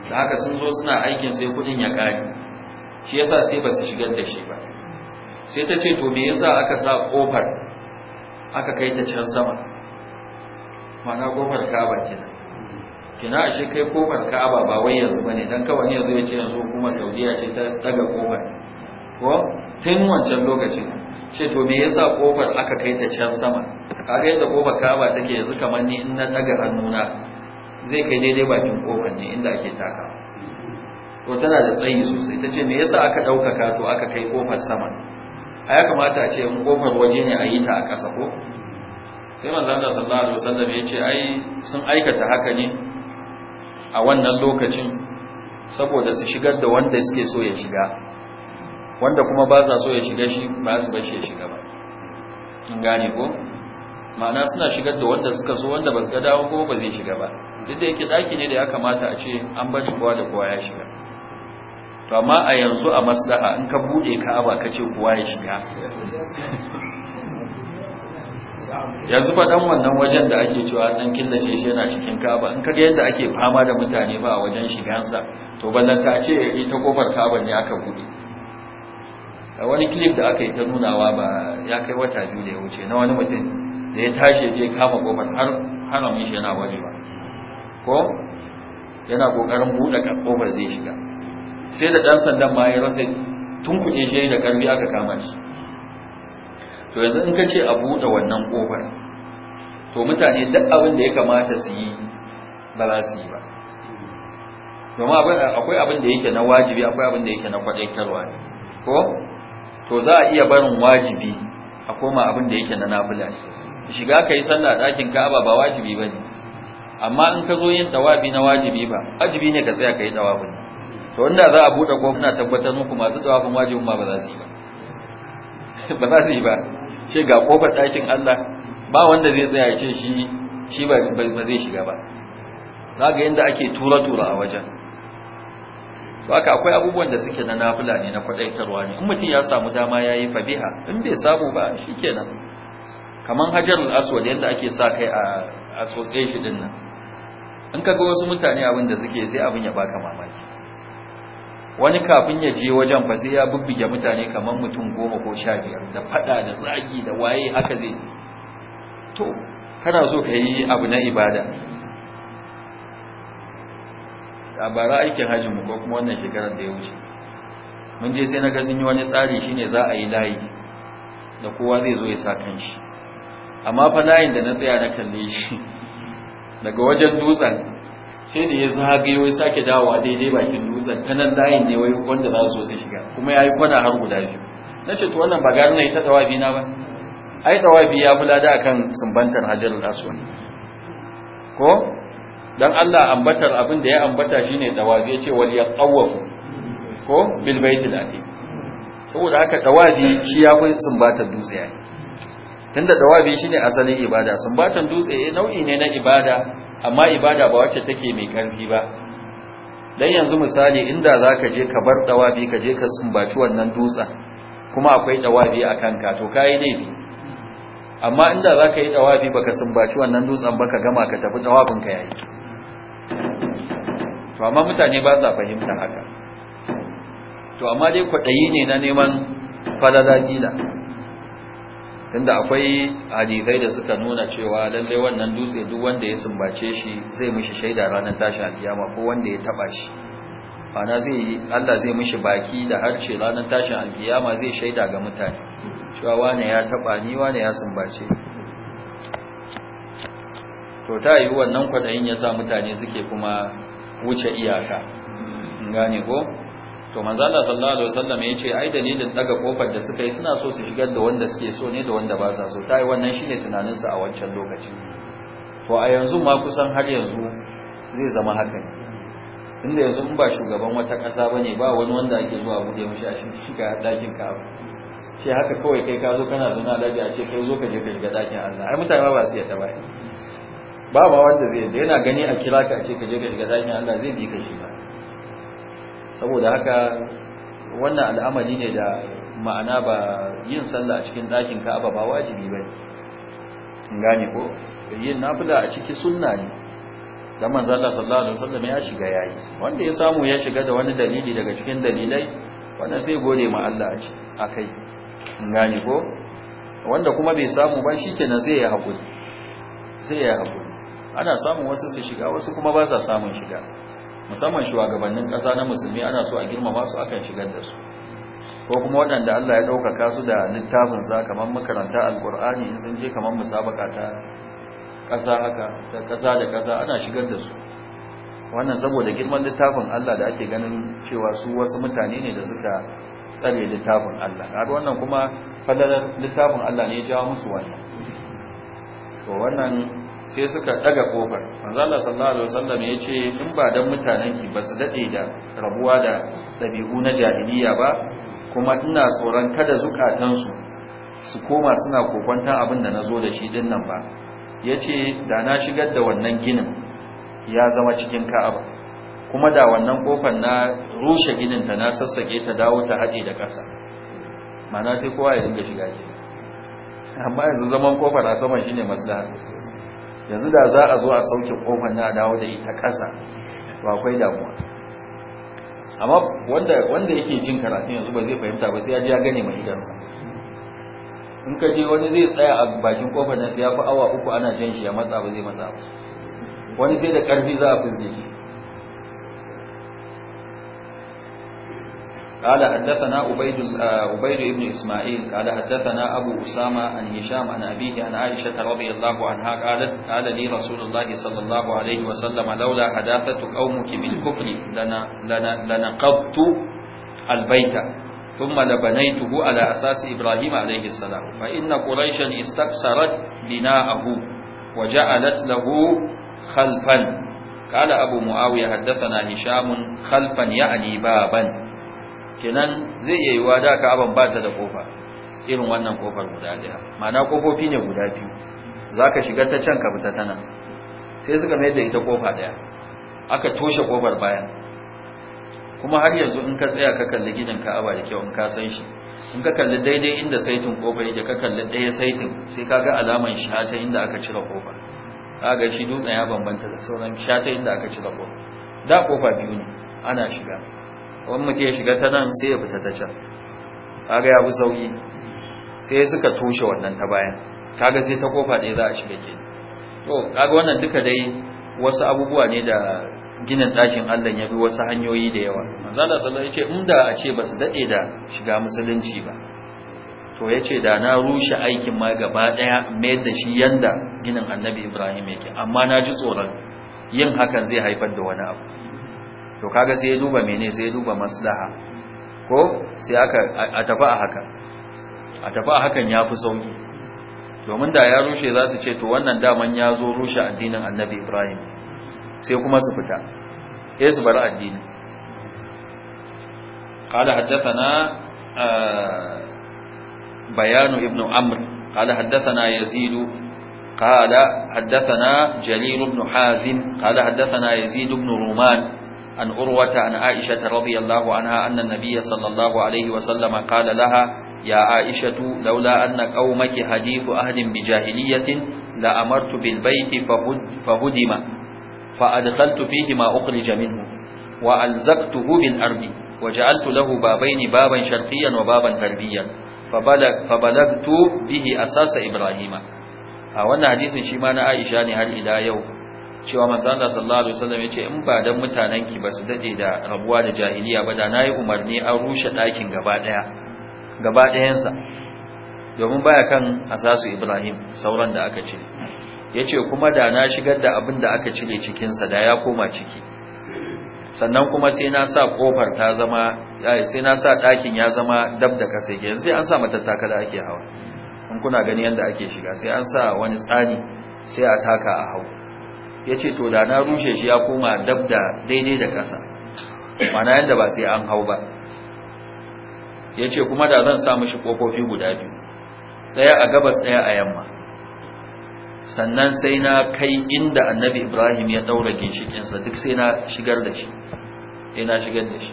da haka sun zo suna aikin sai kudin ya kare shi yasa sai ba su shigar da shi ba sai ta ce to me yasa aka sa kofar aka kai ta can sama mana kofar ka'aba kina? kina ashe kai kofar ka'aba ba wai yanzu bane dan kawai yanzu ya ce yanzu kuma saudiya ce ta daga kofar ko tun wancan lokacin ce to me yasa kofar aka kai ta can sama kaga yadda kofar ka'aba take yanzu kamar ni in na daga hannuna zai kai daidai bakin kofar ne inda ake taka to tana da tsayi sosai tace me yasa aka ka to aka kai kofar sama a ya kamata a ce in kofar waje ne a yi ta a ƙasa ko sai manzo Allah sallallahu alaihi wasallam ya ce ai sun aikata haka ne a wannan lokacin saboda su shigar da wanda suke so ya shiga wanda kuma ba sa so ya shiga shi ba su bar shi ya shiga ba Kin gane ko ma'ana suna shigar da wanda suka so wanda ba su ga dawo ko ba zai shiga ba duk da yake daki ne da ya kamata a ce an bari kowa da kowa ya shiga to amma a yanzu a maslaha in ka bude ka'aba ka ce kowa ya shiga yanzu ɗan wannan wajen da ake cewa dan killace shi yana cikin ka'aba in kaga yadda ake fama da mutane ba a wajen shigansa to ta ce ita kofar ka'aba ne aka bude. a wani clip da aka yi ta nunawa ba ya kai wata biyu da ya wuce na wani mutum da ya tashi je kama kofar har haramin shi yana wajewa ko yana kokarin buɗe kofar zai shiga sai da ɗan sandan ma ya rasa tunkuɗe shi da ƙarfi aka kama shi to yanzu in ka ce a buɗe wannan ƙofar to mutane duk abin da ya kamata su yi ba za su yi ba domin akwai abin da yake na wajibi akwai abin da yake na kwaɗaitarwa ne ko to za a iya barin wajibi a koma abin da yake na nafila shiga ka yi sallah ɗakin ka'aba ba wajibi ba ne amma in ka zo yin tawabi na wajibi ba wajibi ne ka tsaya ka yi tawabin to wanda za a buɗe kofi na tabbatar muku masu tsawafin wajibin ma ba za su yi ba <laughs> ba za su yi ba ce ga kofar ɗakin Allah ba wanda zai tsaya ce shi shi ba zai shiga ba za ga yadda ake tura-tura a wajen to haka akwai abubuwan da suke na nafila ne na kwadaitarwa ne in mutum ya samu dama ya yi fabiha in bai samu ba shi kenan kamar hajar aswad yadda ake sa kai a association din nan in ka ga wasu mutane abin da suke sai abin ya baka mamaki wani kafin ya je wajen ba sai ya bubbuge mutane kamar mutum goma ko sha biyar da fada da zagi da waye haka zai to kana so ka yi abu na ibada a bara aikin hajji mu ko kuma wannan shekarar da ya wuce mun je sai na ga sun yi wani tsari shine za a yi layi da kowa zai zo ya sa kanshi amma fa layin da na tsaya na kalle shi daga wajen dutsen sai da ya zagayo ya sake dawowa daidai bakin dutsen ta nan layin ne wai wanda za su su shiga kuma ya yi kwana har guda biyu na ce to wannan ba gari na ita tawafi na ba ai tawafi ya fi lada akan sumbantar hajar aswad ko dan Allah ambatar abin da ya ambata shine tawafi wani wal yaqawwafu ko bil baitil saboda haka tawafi shi ya fi sumbatar dutse yayi tunda tawafi shine asalin ibada sumbatar dutse eh, nau'i ne na ibada amma ibada ba wacce take mai ƙarfi ba dan yanzu misali inda zaka je ka bar dawabi ka je ka sumbaci wannan dutsen kuma akwai dawabi a kanka to kai ne bi amma inda zaka yi dawabi baka sumbaci wannan dutsen ba ka gama ka tafi dawabin ka yayi to amma mutane ba sa fahimta haka to amma dai kwadayi ne na neman falala kila tunda akwai hadisai da suka nuna cewa lalle wannan dutse duk wanda ya sumbace shi zai mishi shaida ranar tashin alkiyama ko wanda ya taba shi ana zai Allah zai mishi baki da harshe ranar tashin alkiyama zai shaida ga mutane cewa wane ya taba ni wane ya sumbace to ta yi wannan kwadayin ya sa mutane suke kuma wuce iyaka gane ko to manzo Allah sallallahu alaihi wasallam yace ai dalilin daga kofar da suka yi suna so su shigar da wanda suke so ne da wanda ba sa so tai wannan shine tunanin su a wancan lokaci to a yanzu ma kusan har yanzu zai zama haka ne tunda yanzu in ba shugaban wata kasa bane ba wani wanda ake zuwa bude mishi a shiga dakin ka ce haka kawai kai ka zo kana zuna lafiya a ce kai zo ka je ka shiga dakin Allah ai mutane ba su yadda ba ba ba wanda zai yadda yana gani a kira ka a ce ka je ka shiga dakin Allah zai bi ka shiga saboda haka wannan al'amari ne da ma'ana ba yin sallah a cikin ɗakin ka'aba ba wajibi ba ne gane ko yin nafila a ciki sunna ne dan manzo Allah sallallahu alaihi wasallam ya shiga yayi wanda ya samu ya shiga da wani dalili daga cikin dalilai wanda sai gode ma Allah a kai gane ko wanda kuma bai samu ba kenan sai ya hakuri sai ya hakuri ana samun wasu su shiga wasu kuma ba sa samun shiga musamman shugabannin ƙasa na musulmi ana so a girmama su akan shigar da su ko kuma waɗanda Allah ya ɗaukaka su da littafin sa kamar makaranta alƙur'ani in sun je kamar musabaka ta ƙasa haka ta ƙasa da ƙasa ana shigar da su wannan saboda girman littafin Allah da ake ganin cewa su wasu mutane ne da suka tsare littafin Allah har wannan kuma fadalar littafin Allah ne ya jawo musu wannan to wannan sai suka daga kofar manzo Allah sallallahu alaihi wasallam yace in ba dan mutanen ki ba su dade da rabuwa da dabi'u na jahiliya ba kuma ina tsoron kada zukatan su su koma suna kokwantan abin da nazo da shi dinnan ba yace da na shigar da wannan ginin ya zama cikin Ka'aba kuma da wannan kofar na rushe ginin ta na sassake ta dawo ta hade da ƙasa ma'ana sai kowa ya dinga shiga ke amma yanzu zaman kofar a saman shine maslaha yanzu da za a zo a sauke kofar na dawo da ita ƙasa ba akwai damuwa amma wanda yake jin karatu yanzu ba zai fahimta ba sai ya ji ya gane mai idansa in ka je wani zai tsaya a bakin kofar na sai ya fi awa uku ana jan shi ya matsa ba zai matsa ba wani sai da ƙarfi za a fizge قال حدثنا عبيد آه، عبيد بن اسماعيل قال حدثنا ابو اسامه عن هشام عن ابيه عن عائشه رضي الله عنها قالت قال لي رسول الله صلى الله عليه وسلم لولا حداثه قومك بالكفر لنا لنا لنقضت البيت ثم لبنيته على اساس ابراهيم عليه السلام فان قريشا استكسرت بناءه وجعلت له خلفا قال ابو معاويه حدثنا هشام خلفا يعني بابا kenan zai iya yiwa da ka'aban ba ta da kofa irin wannan kofar guda daya ma'ana kofofi ne guda biyu Za ka shiga ta can ka fita tana sai suka mai da ita kofa daya aka toshe kofar bayan kuma har yanzu in ka tsaya ka kalli gidan ka'aba da kyau in ka san shi in ka kalli daidai inda saitin kofar yake ka kalli ɗaya saitin sai ka ga alaman shata inda aka cire kofar ka ga shi dutsen ya bambanta da sauran shata inda aka cire kofar da kofa biyu ne ana shiga wani muke shiga ta nan sai ya fita ta can kaga ya fi sauki sai suka tushe wannan ta bayan kaga sai ta kofa ne za a shiga ke to kaga wannan duka dai wasu abubuwa ne da ginin ɗakin Allah ya bi wasu hanyoyi da yawa manzala sallallahu ya ce inda a ce ba su daɗe da shiga musulunci ba to ya ce da na rushe aikin ma gaba ɗaya mai da shi yanda ginin annabi ibrahim yake amma na ji tsoron yin hakan zai haifar da wani abu to kaga sai ya duba mene sai ya duba maslaha ko sai aka a tafi a haka a tafi a hakan ya fi sauki domin da ya rushe za su ce to wannan daman ya zo rushe addinin annabi ibrahim sai kuma su fita sai su bar addini قال حدثنا بيان ابن عمرو قال حدثنا يزيد قال حدثنا جليل بن حازم قال حدثنا يزيد بن رومان عن أروة عن عائشة رضي الله عنها أن النبي صلى الله عليه وسلم قال لها يا عائشة لولا أن قومك حديث أهل بجاهلية لأمرت بالبيت فهدم فأدخلت فيه ما أخرج منه وألزقته بالأرض وجعلت له بابين بابا شرقيا وبابا غربيا فبلغ فبلغت به أساس إبراهيم a wannan hadisin shi ma na Aisha ne har ila yau cewa manzo Allah sallallahu alaihi wasallam yace in ba dan mutanen ki ba su dade da rabuwa da jahiliya ba da nayi umarni an rushe dakin gaba daya gaba dayan domin baya kan asasu Ibrahim sauran da aka cire yace kuma da na shigar da abin da aka cire cikin sa da ya koma ciki sannan kuma sai na sa kofar ta zama eh, sai na sa dakin ya zama dab da kasa yanzu sai an sa matattaka da ake hawa in kuna gani yanda ake shiga sai an sa wani tsani sai a taka a hawa ya ce to da na rushe shi ya koma dab da daidai da ƙasa mana yadda ba sai an hau ba ya ce kuma da zan sa mashi kofofi guda biyu daya a gabas ɗaya a yamma sannan sai na kai inda annabi ibrahim ya daura ginshikinsa duk sai na shigar da shi sai na shigar da shi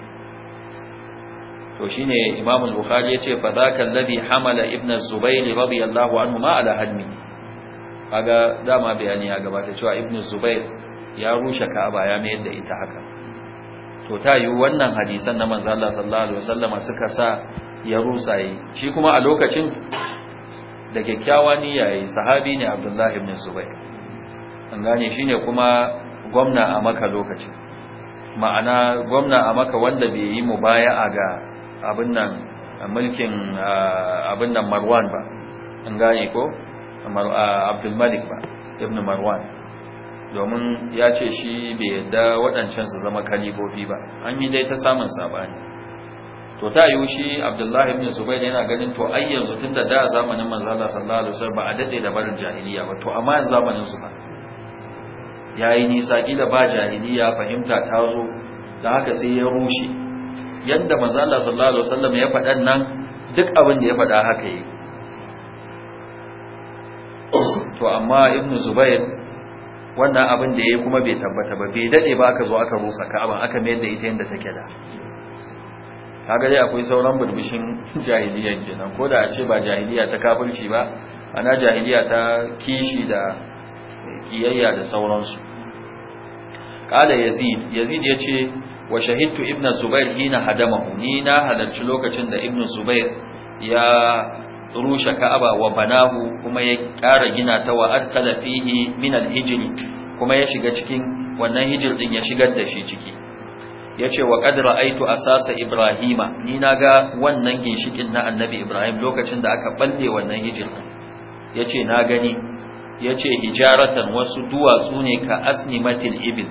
to shine imam imamun bukhari ya yace fa ka labi hamala ibn az rabi yallahu anhu ma ala hadmi kaga dama bayani ya gabata cewa ibnu zubair ya rushe ka'aba ya mayar da ita haka to ta yi wannan hadisan na manzo Allah sallallahu alaihi wasallama suka sa ya rusaye shi kuma a lokacin da kyakkyawa ni yayi sahabi ne Abdullah ibn Zubair an gane shine kuma gwamna a maka lokacin ma'ana gwamna a maka wanda bai yi mubaya'a ga abin nan mulkin ah, abin nan Marwan ba an gane ko abdulmalik ba ibn marwan domin ya ce shi bai yadda waɗancan su zama kalibobi ba an yi dai ta samun sabani to ta yi shi abdullahi ibn zubair yana ganin to ai yanzu tun da da zamanin manzo Allah sallallahu alaihi wasallam ba a dade da barin jahiliya ba to amma yanzu zamanin su ba yayi nisa kila ba jahiliya fahimta ta zo da haka sai ya rushe yanda manzo Allah sallallahu alaihi wasallam ya faɗan nan duk abin da ya faɗa haka yake to amma ibn zubair wannan abin da yayi kuma bai tabbata ba bai dade ba aka zo aka rusa ka'aba aka mayar da ita yanda take da kaga dai akwai sauran burbushin <laughs> jahiliya kenan ko da a ce ba jahiliya ta kafirci ba ana jahiliya ta kishi da kiyayya da sauransu qala yazid yazid yace wa shahidtu ibn zubair hina hadamahu ni na halarci lokacin da ibn zubair ya rushe ka'aba wa banahu kuma ya ƙara gina ta wa adkhala fihi min al kuma ya shiga cikin wannan hijir din ya shigar da shi ciki yace wa qad a asasa ibrahima ni naga wannan ginshikin na annabi ibrahim lokacin da aka ɓalle wannan hijir Ya yace na gani yace hijaratan wasu duwatsu ne ka asnimatil ibil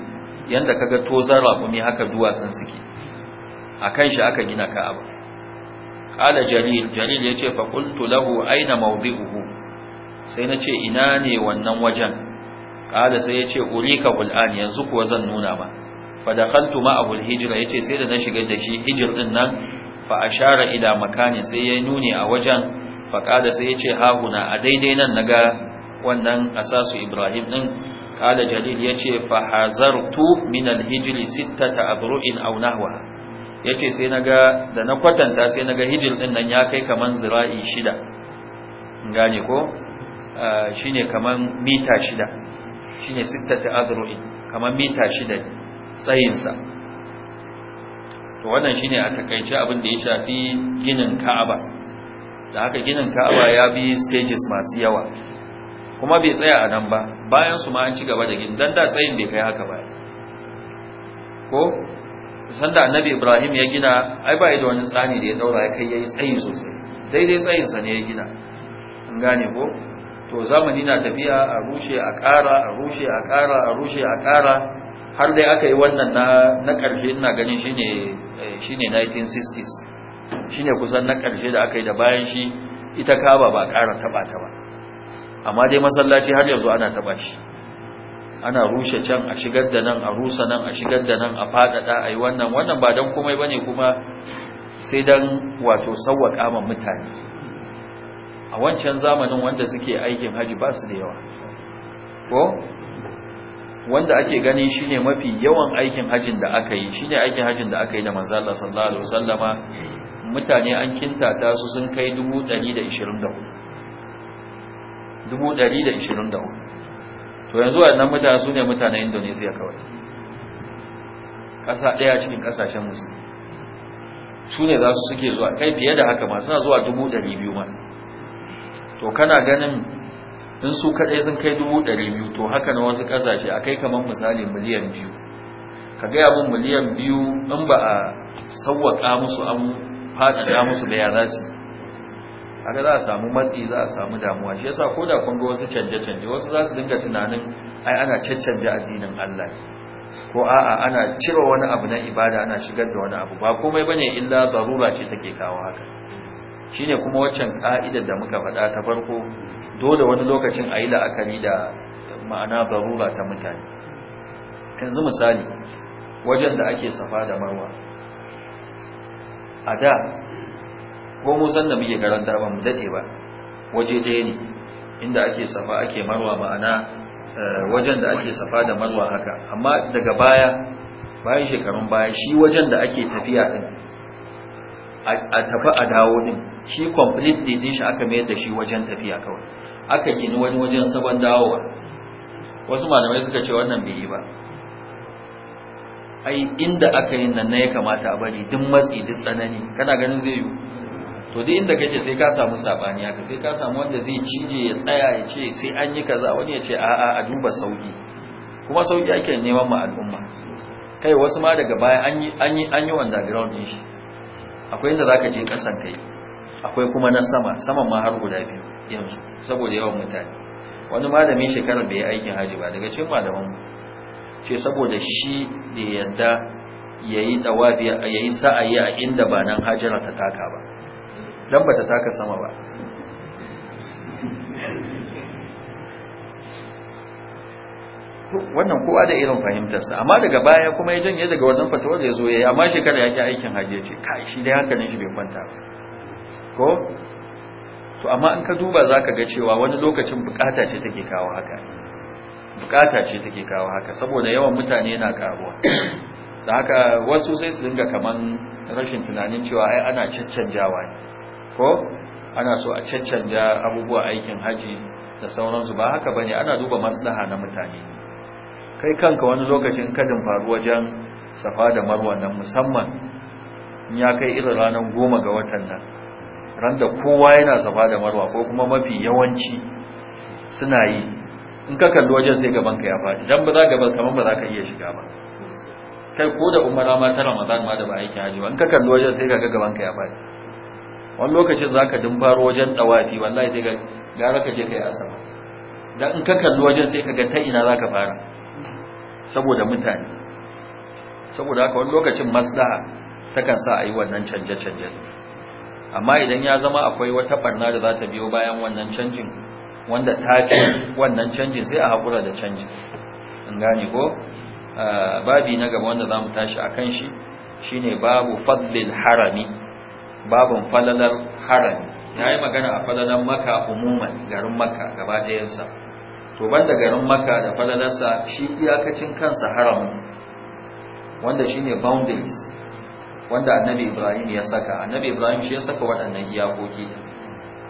yanda kaga tozara raƙumi haka duwatsun suke kan shi aka gina ka'aba qala jalil jalil yace fa qultu lahu aina mawdi'uhu sai nace ina ne wannan wajen qala sai yace ulika qur'an yanzu kuwa zan nuna ba. fa dakhaltu ma'ahu al-hijra yace sai da na shiga da shi hijir ɗin nan fa ashara ila makani sai ya nuni a wajen fa qala sai yace ha huna a daidai nan na ga wannan asasu ibrahim ɗin. qala jalil yace fa hazartu min al-hijri sittata abru'in aw nahwaha yace sai naga da na kwatanta sai naga hijil din nan ya kai kaman zira'i shida gane ko ah, shine kaman mita shida shine sittati adru'in kaman mita shida tsayin sa to wannan shine a takaice abin da ya shafi ginin Ka'aba da haka ginin Ka'aba ya bi stages masu yawa kuma bai tsaya a nan ba bayan su ma an ci gaba da gini dan da tsayin bai kai haka ba ko sanda annabi ibrahim ya gina ai ba da wani tsani da ya daura ya kai yayi tsayi sosai daidai tsayin sa ne ya gina an gane ko to zamani na tafiya a rushe a ƙara a rushe a ƙara a rushe a ƙara har dai aka yi wannan na na ƙarshe ina ganin shine eh, shine 1960s shine kusan na ƙarshe da aka yi da bayan shi ita kaba ba ƙara taba ta ba amma dai masallaci har yanzu ana taba shi ana rushe can a shigar da nan a rusa nan a shigar da nan a faɗaɗa a yi wannan wannan ba don komai ba ne kuma sai don wato sawwaka ma mutane a wancan zamanin wanda suke aikin haji ba su da yawa ko wanda ake ganin shine mafi yawan aikin hajin da aka yi shine aikin hajin da aka yi da manzo Allah sallallahu alaihi wasallama mutane an ta su sun kai 124 124 to yanzu wannan mutane su ne mutanen Indonesia kawai ƙasa ɗaya cikin ƙasashen musulmi su ne za su suke zuwa kai fiye da haka ma suna zuwa dubu ɗari biyu ma to kana ganin in su kaɗai sun kai dubu ɗari biyu to haka na wasu ƙasashe a kai kamar misali miliyan biyu ka gaya mun miliyan biyu in ba a sauwaƙa musu an faɗaɗa musu da ya za su haka za a samu matsi za a samu damuwa shi yasa ko da kun ga wasu canje-canje wasu za su dinga tunanin ai ana cancanje addinin Allah ko a'a ana cire wani abu na ibada ana shigar da wani abu ba komai bane illa zarura ce take kawo haka shine kuma waccan ka'idar da muka faɗa ta farko dole wani lokacin a yi la'akari da ma'ana zarura ta mutane yanzu misali wajen da ake safa da marwa a da ko mu san da muke karanta ba mu dade ba waje ɗaya ne inda ake safa ake marwa ma'ana eh, wajen da ake safa da marwa haka amma daga baya bayan shekarun baya shi wajen da ake tafiya din a tafi a dawo din shi complete din shi aka mayar da shi wajen tafiya kawai aka gini wani wajen sabon dawowa wasu malamai suka ce wannan bai yi ba ai inda aka yi nan ne ya kamata a bari duk matsi duk tsanani kana ganin zai yi to duk inda kake sai ka samu sabani haka sai ka samu wanda zai cije ya tsaya ya ce sai an yi kaza wani ya ce a'a a duba sauki kuma sauki ake neman ma al'umma kai wasu ma daga baya an yi an yi an yi wanda ground din shi akwai inda zaka je kasan kai akwai kuma na sama saman ma har guda biyu yanzu saboda yawan mutane wani malamin shekarar bai aikin haji ba daga cikin malaman ce saboda shi da yadda yayi dawabi yayi sa'ayi a inda ba nan hajira ta taka ba dan bata taka sama ba wannan kowa da irin fahimtarsa amma daga baya kuma ya janye daga wannan fatawar da ya zo ya yi amma shekara ya ƙi aikin hajji ya ce kai shi dai hankalin shi bai kwanta ba ko to amma in ka duba za ka ga cewa wani lokacin bukata ce take kawo haka bukata ce take kawo haka saboda yawan mutane na karuwa da haka wasu sai su dinga kaman rashin tunanin cewa ai ana caccanjawa ne ko ana so a cancanta abubuwa aikin haji da sauransu ba haka bane ana duba maslaha na mutane kai kanka wani lokacin kadin faru wajen safa da marwa nan musamman in ya kai irin ranar goma ga watan nan ran da kowa yana safa da marwa ko kuma mafi yawanci suna yi in ka kalli wajen sai gaban ka ya faɗi dan ba za ka kamar ba za ka iya shiga ba kai ko da umara ma ta ramadan ma da ba aiki haji ba in ka kalli wajen sai ka ga gaban ka ya faɗi wani lokacin za ka dumfaro wajen ɗawafi wallahi dai gara ka je ka yi asaba don in ka kalli wajen sai ka ga ta ina za ka fara saboda mutane saboda haka wani lokacin maslaha kan sa a yi wannan canje-canje amma idan ya zama akwai wata barna da za ta biyo bayan wannan canjin wanda ta ce wannan canjin sai a haƙura da canjin in gane ko ah, babi na gaba wanda za mu tashi a kan shi shine babu fadlil harami babin falalar haram ya yi magana a falalar maka umuman garin maka gaba ɗayansa to banda garin maka da falalarsa shi iyakacin kansa haramun wanda shi ne boundaries wanda annabi ibrahim ya saka annabi ibrahim shi ya saka waɗannan iyakoki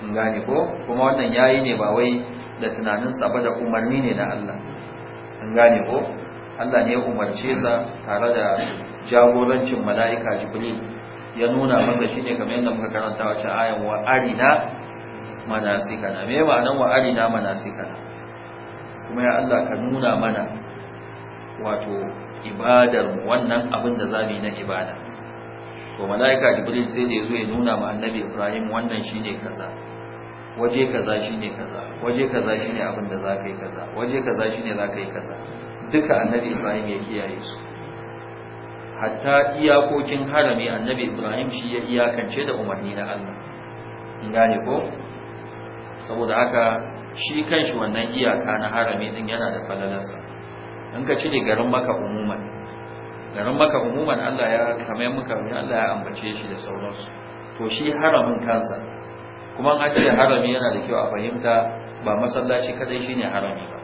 in gane ko kuma wannan yayi ne ba wai da tunaninsa ba da umarni ne na allah in gane ko allah ne ya umarce sa tare da jagorancin mala'ika jibril ya nuna masa shine kamar yadda muka karanta wacce ayan wa arina manasikana me ma'anar wa arina manasikana kuma ya Allah ka nuna mana wato ibadar wannan abin da zamu yi na ibada to malaika jibril sai da yazo ya nuna ma annabi ibrahim wannan shine kaza waje kaza shine kaza waje kaza shine abin da zaka yi kaza waje kaza shine zaka yi kaza duka annabi ibrahim ya kiyaye su hatta iyakokin harami annabi ibrahim shi ya iyakance da umarni na allah in gane ko saboda haka shi kanshi wannan iyaka na harami din yana da falalarsa in ka cire garin maka umuman garin maka umuman allah ya kamar muka allah ya ambace shi da sauransu to shi haramin kansa kuma an ce harami yana da kyau a fahimta ba masallaci kadai shine harami ba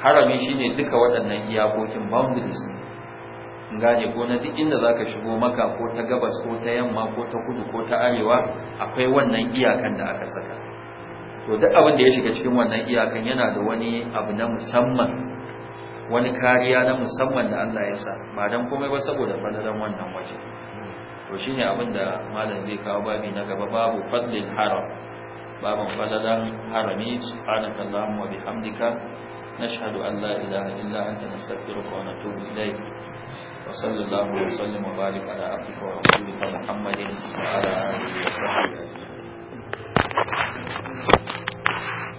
harami shine duka waɗannan iyakokin boundaries ne gane ko na duk inda zaka shigo maka ko ta gabas ko ta yamma ko ta kudu ko ta arewa akwai wannan iyakan da aka saka to duk abin da ya shiga cikin wannan iyakan yana da wani abu na musamman wani kariya na musamman da Allah ya sa ba dan komai ba saboda fadalan wannan waje to shine abin da malam zai kawo babi na gaba babu fadlil haram babu fadalan harami subhanakallahumma wa bihamdika nashhadu an la ilaha illa anta nastaghfiruka wa natubu وصلى الله وسلم وبارك على عبدك ورسولك محمد وعلى اله وصحبه اجمعين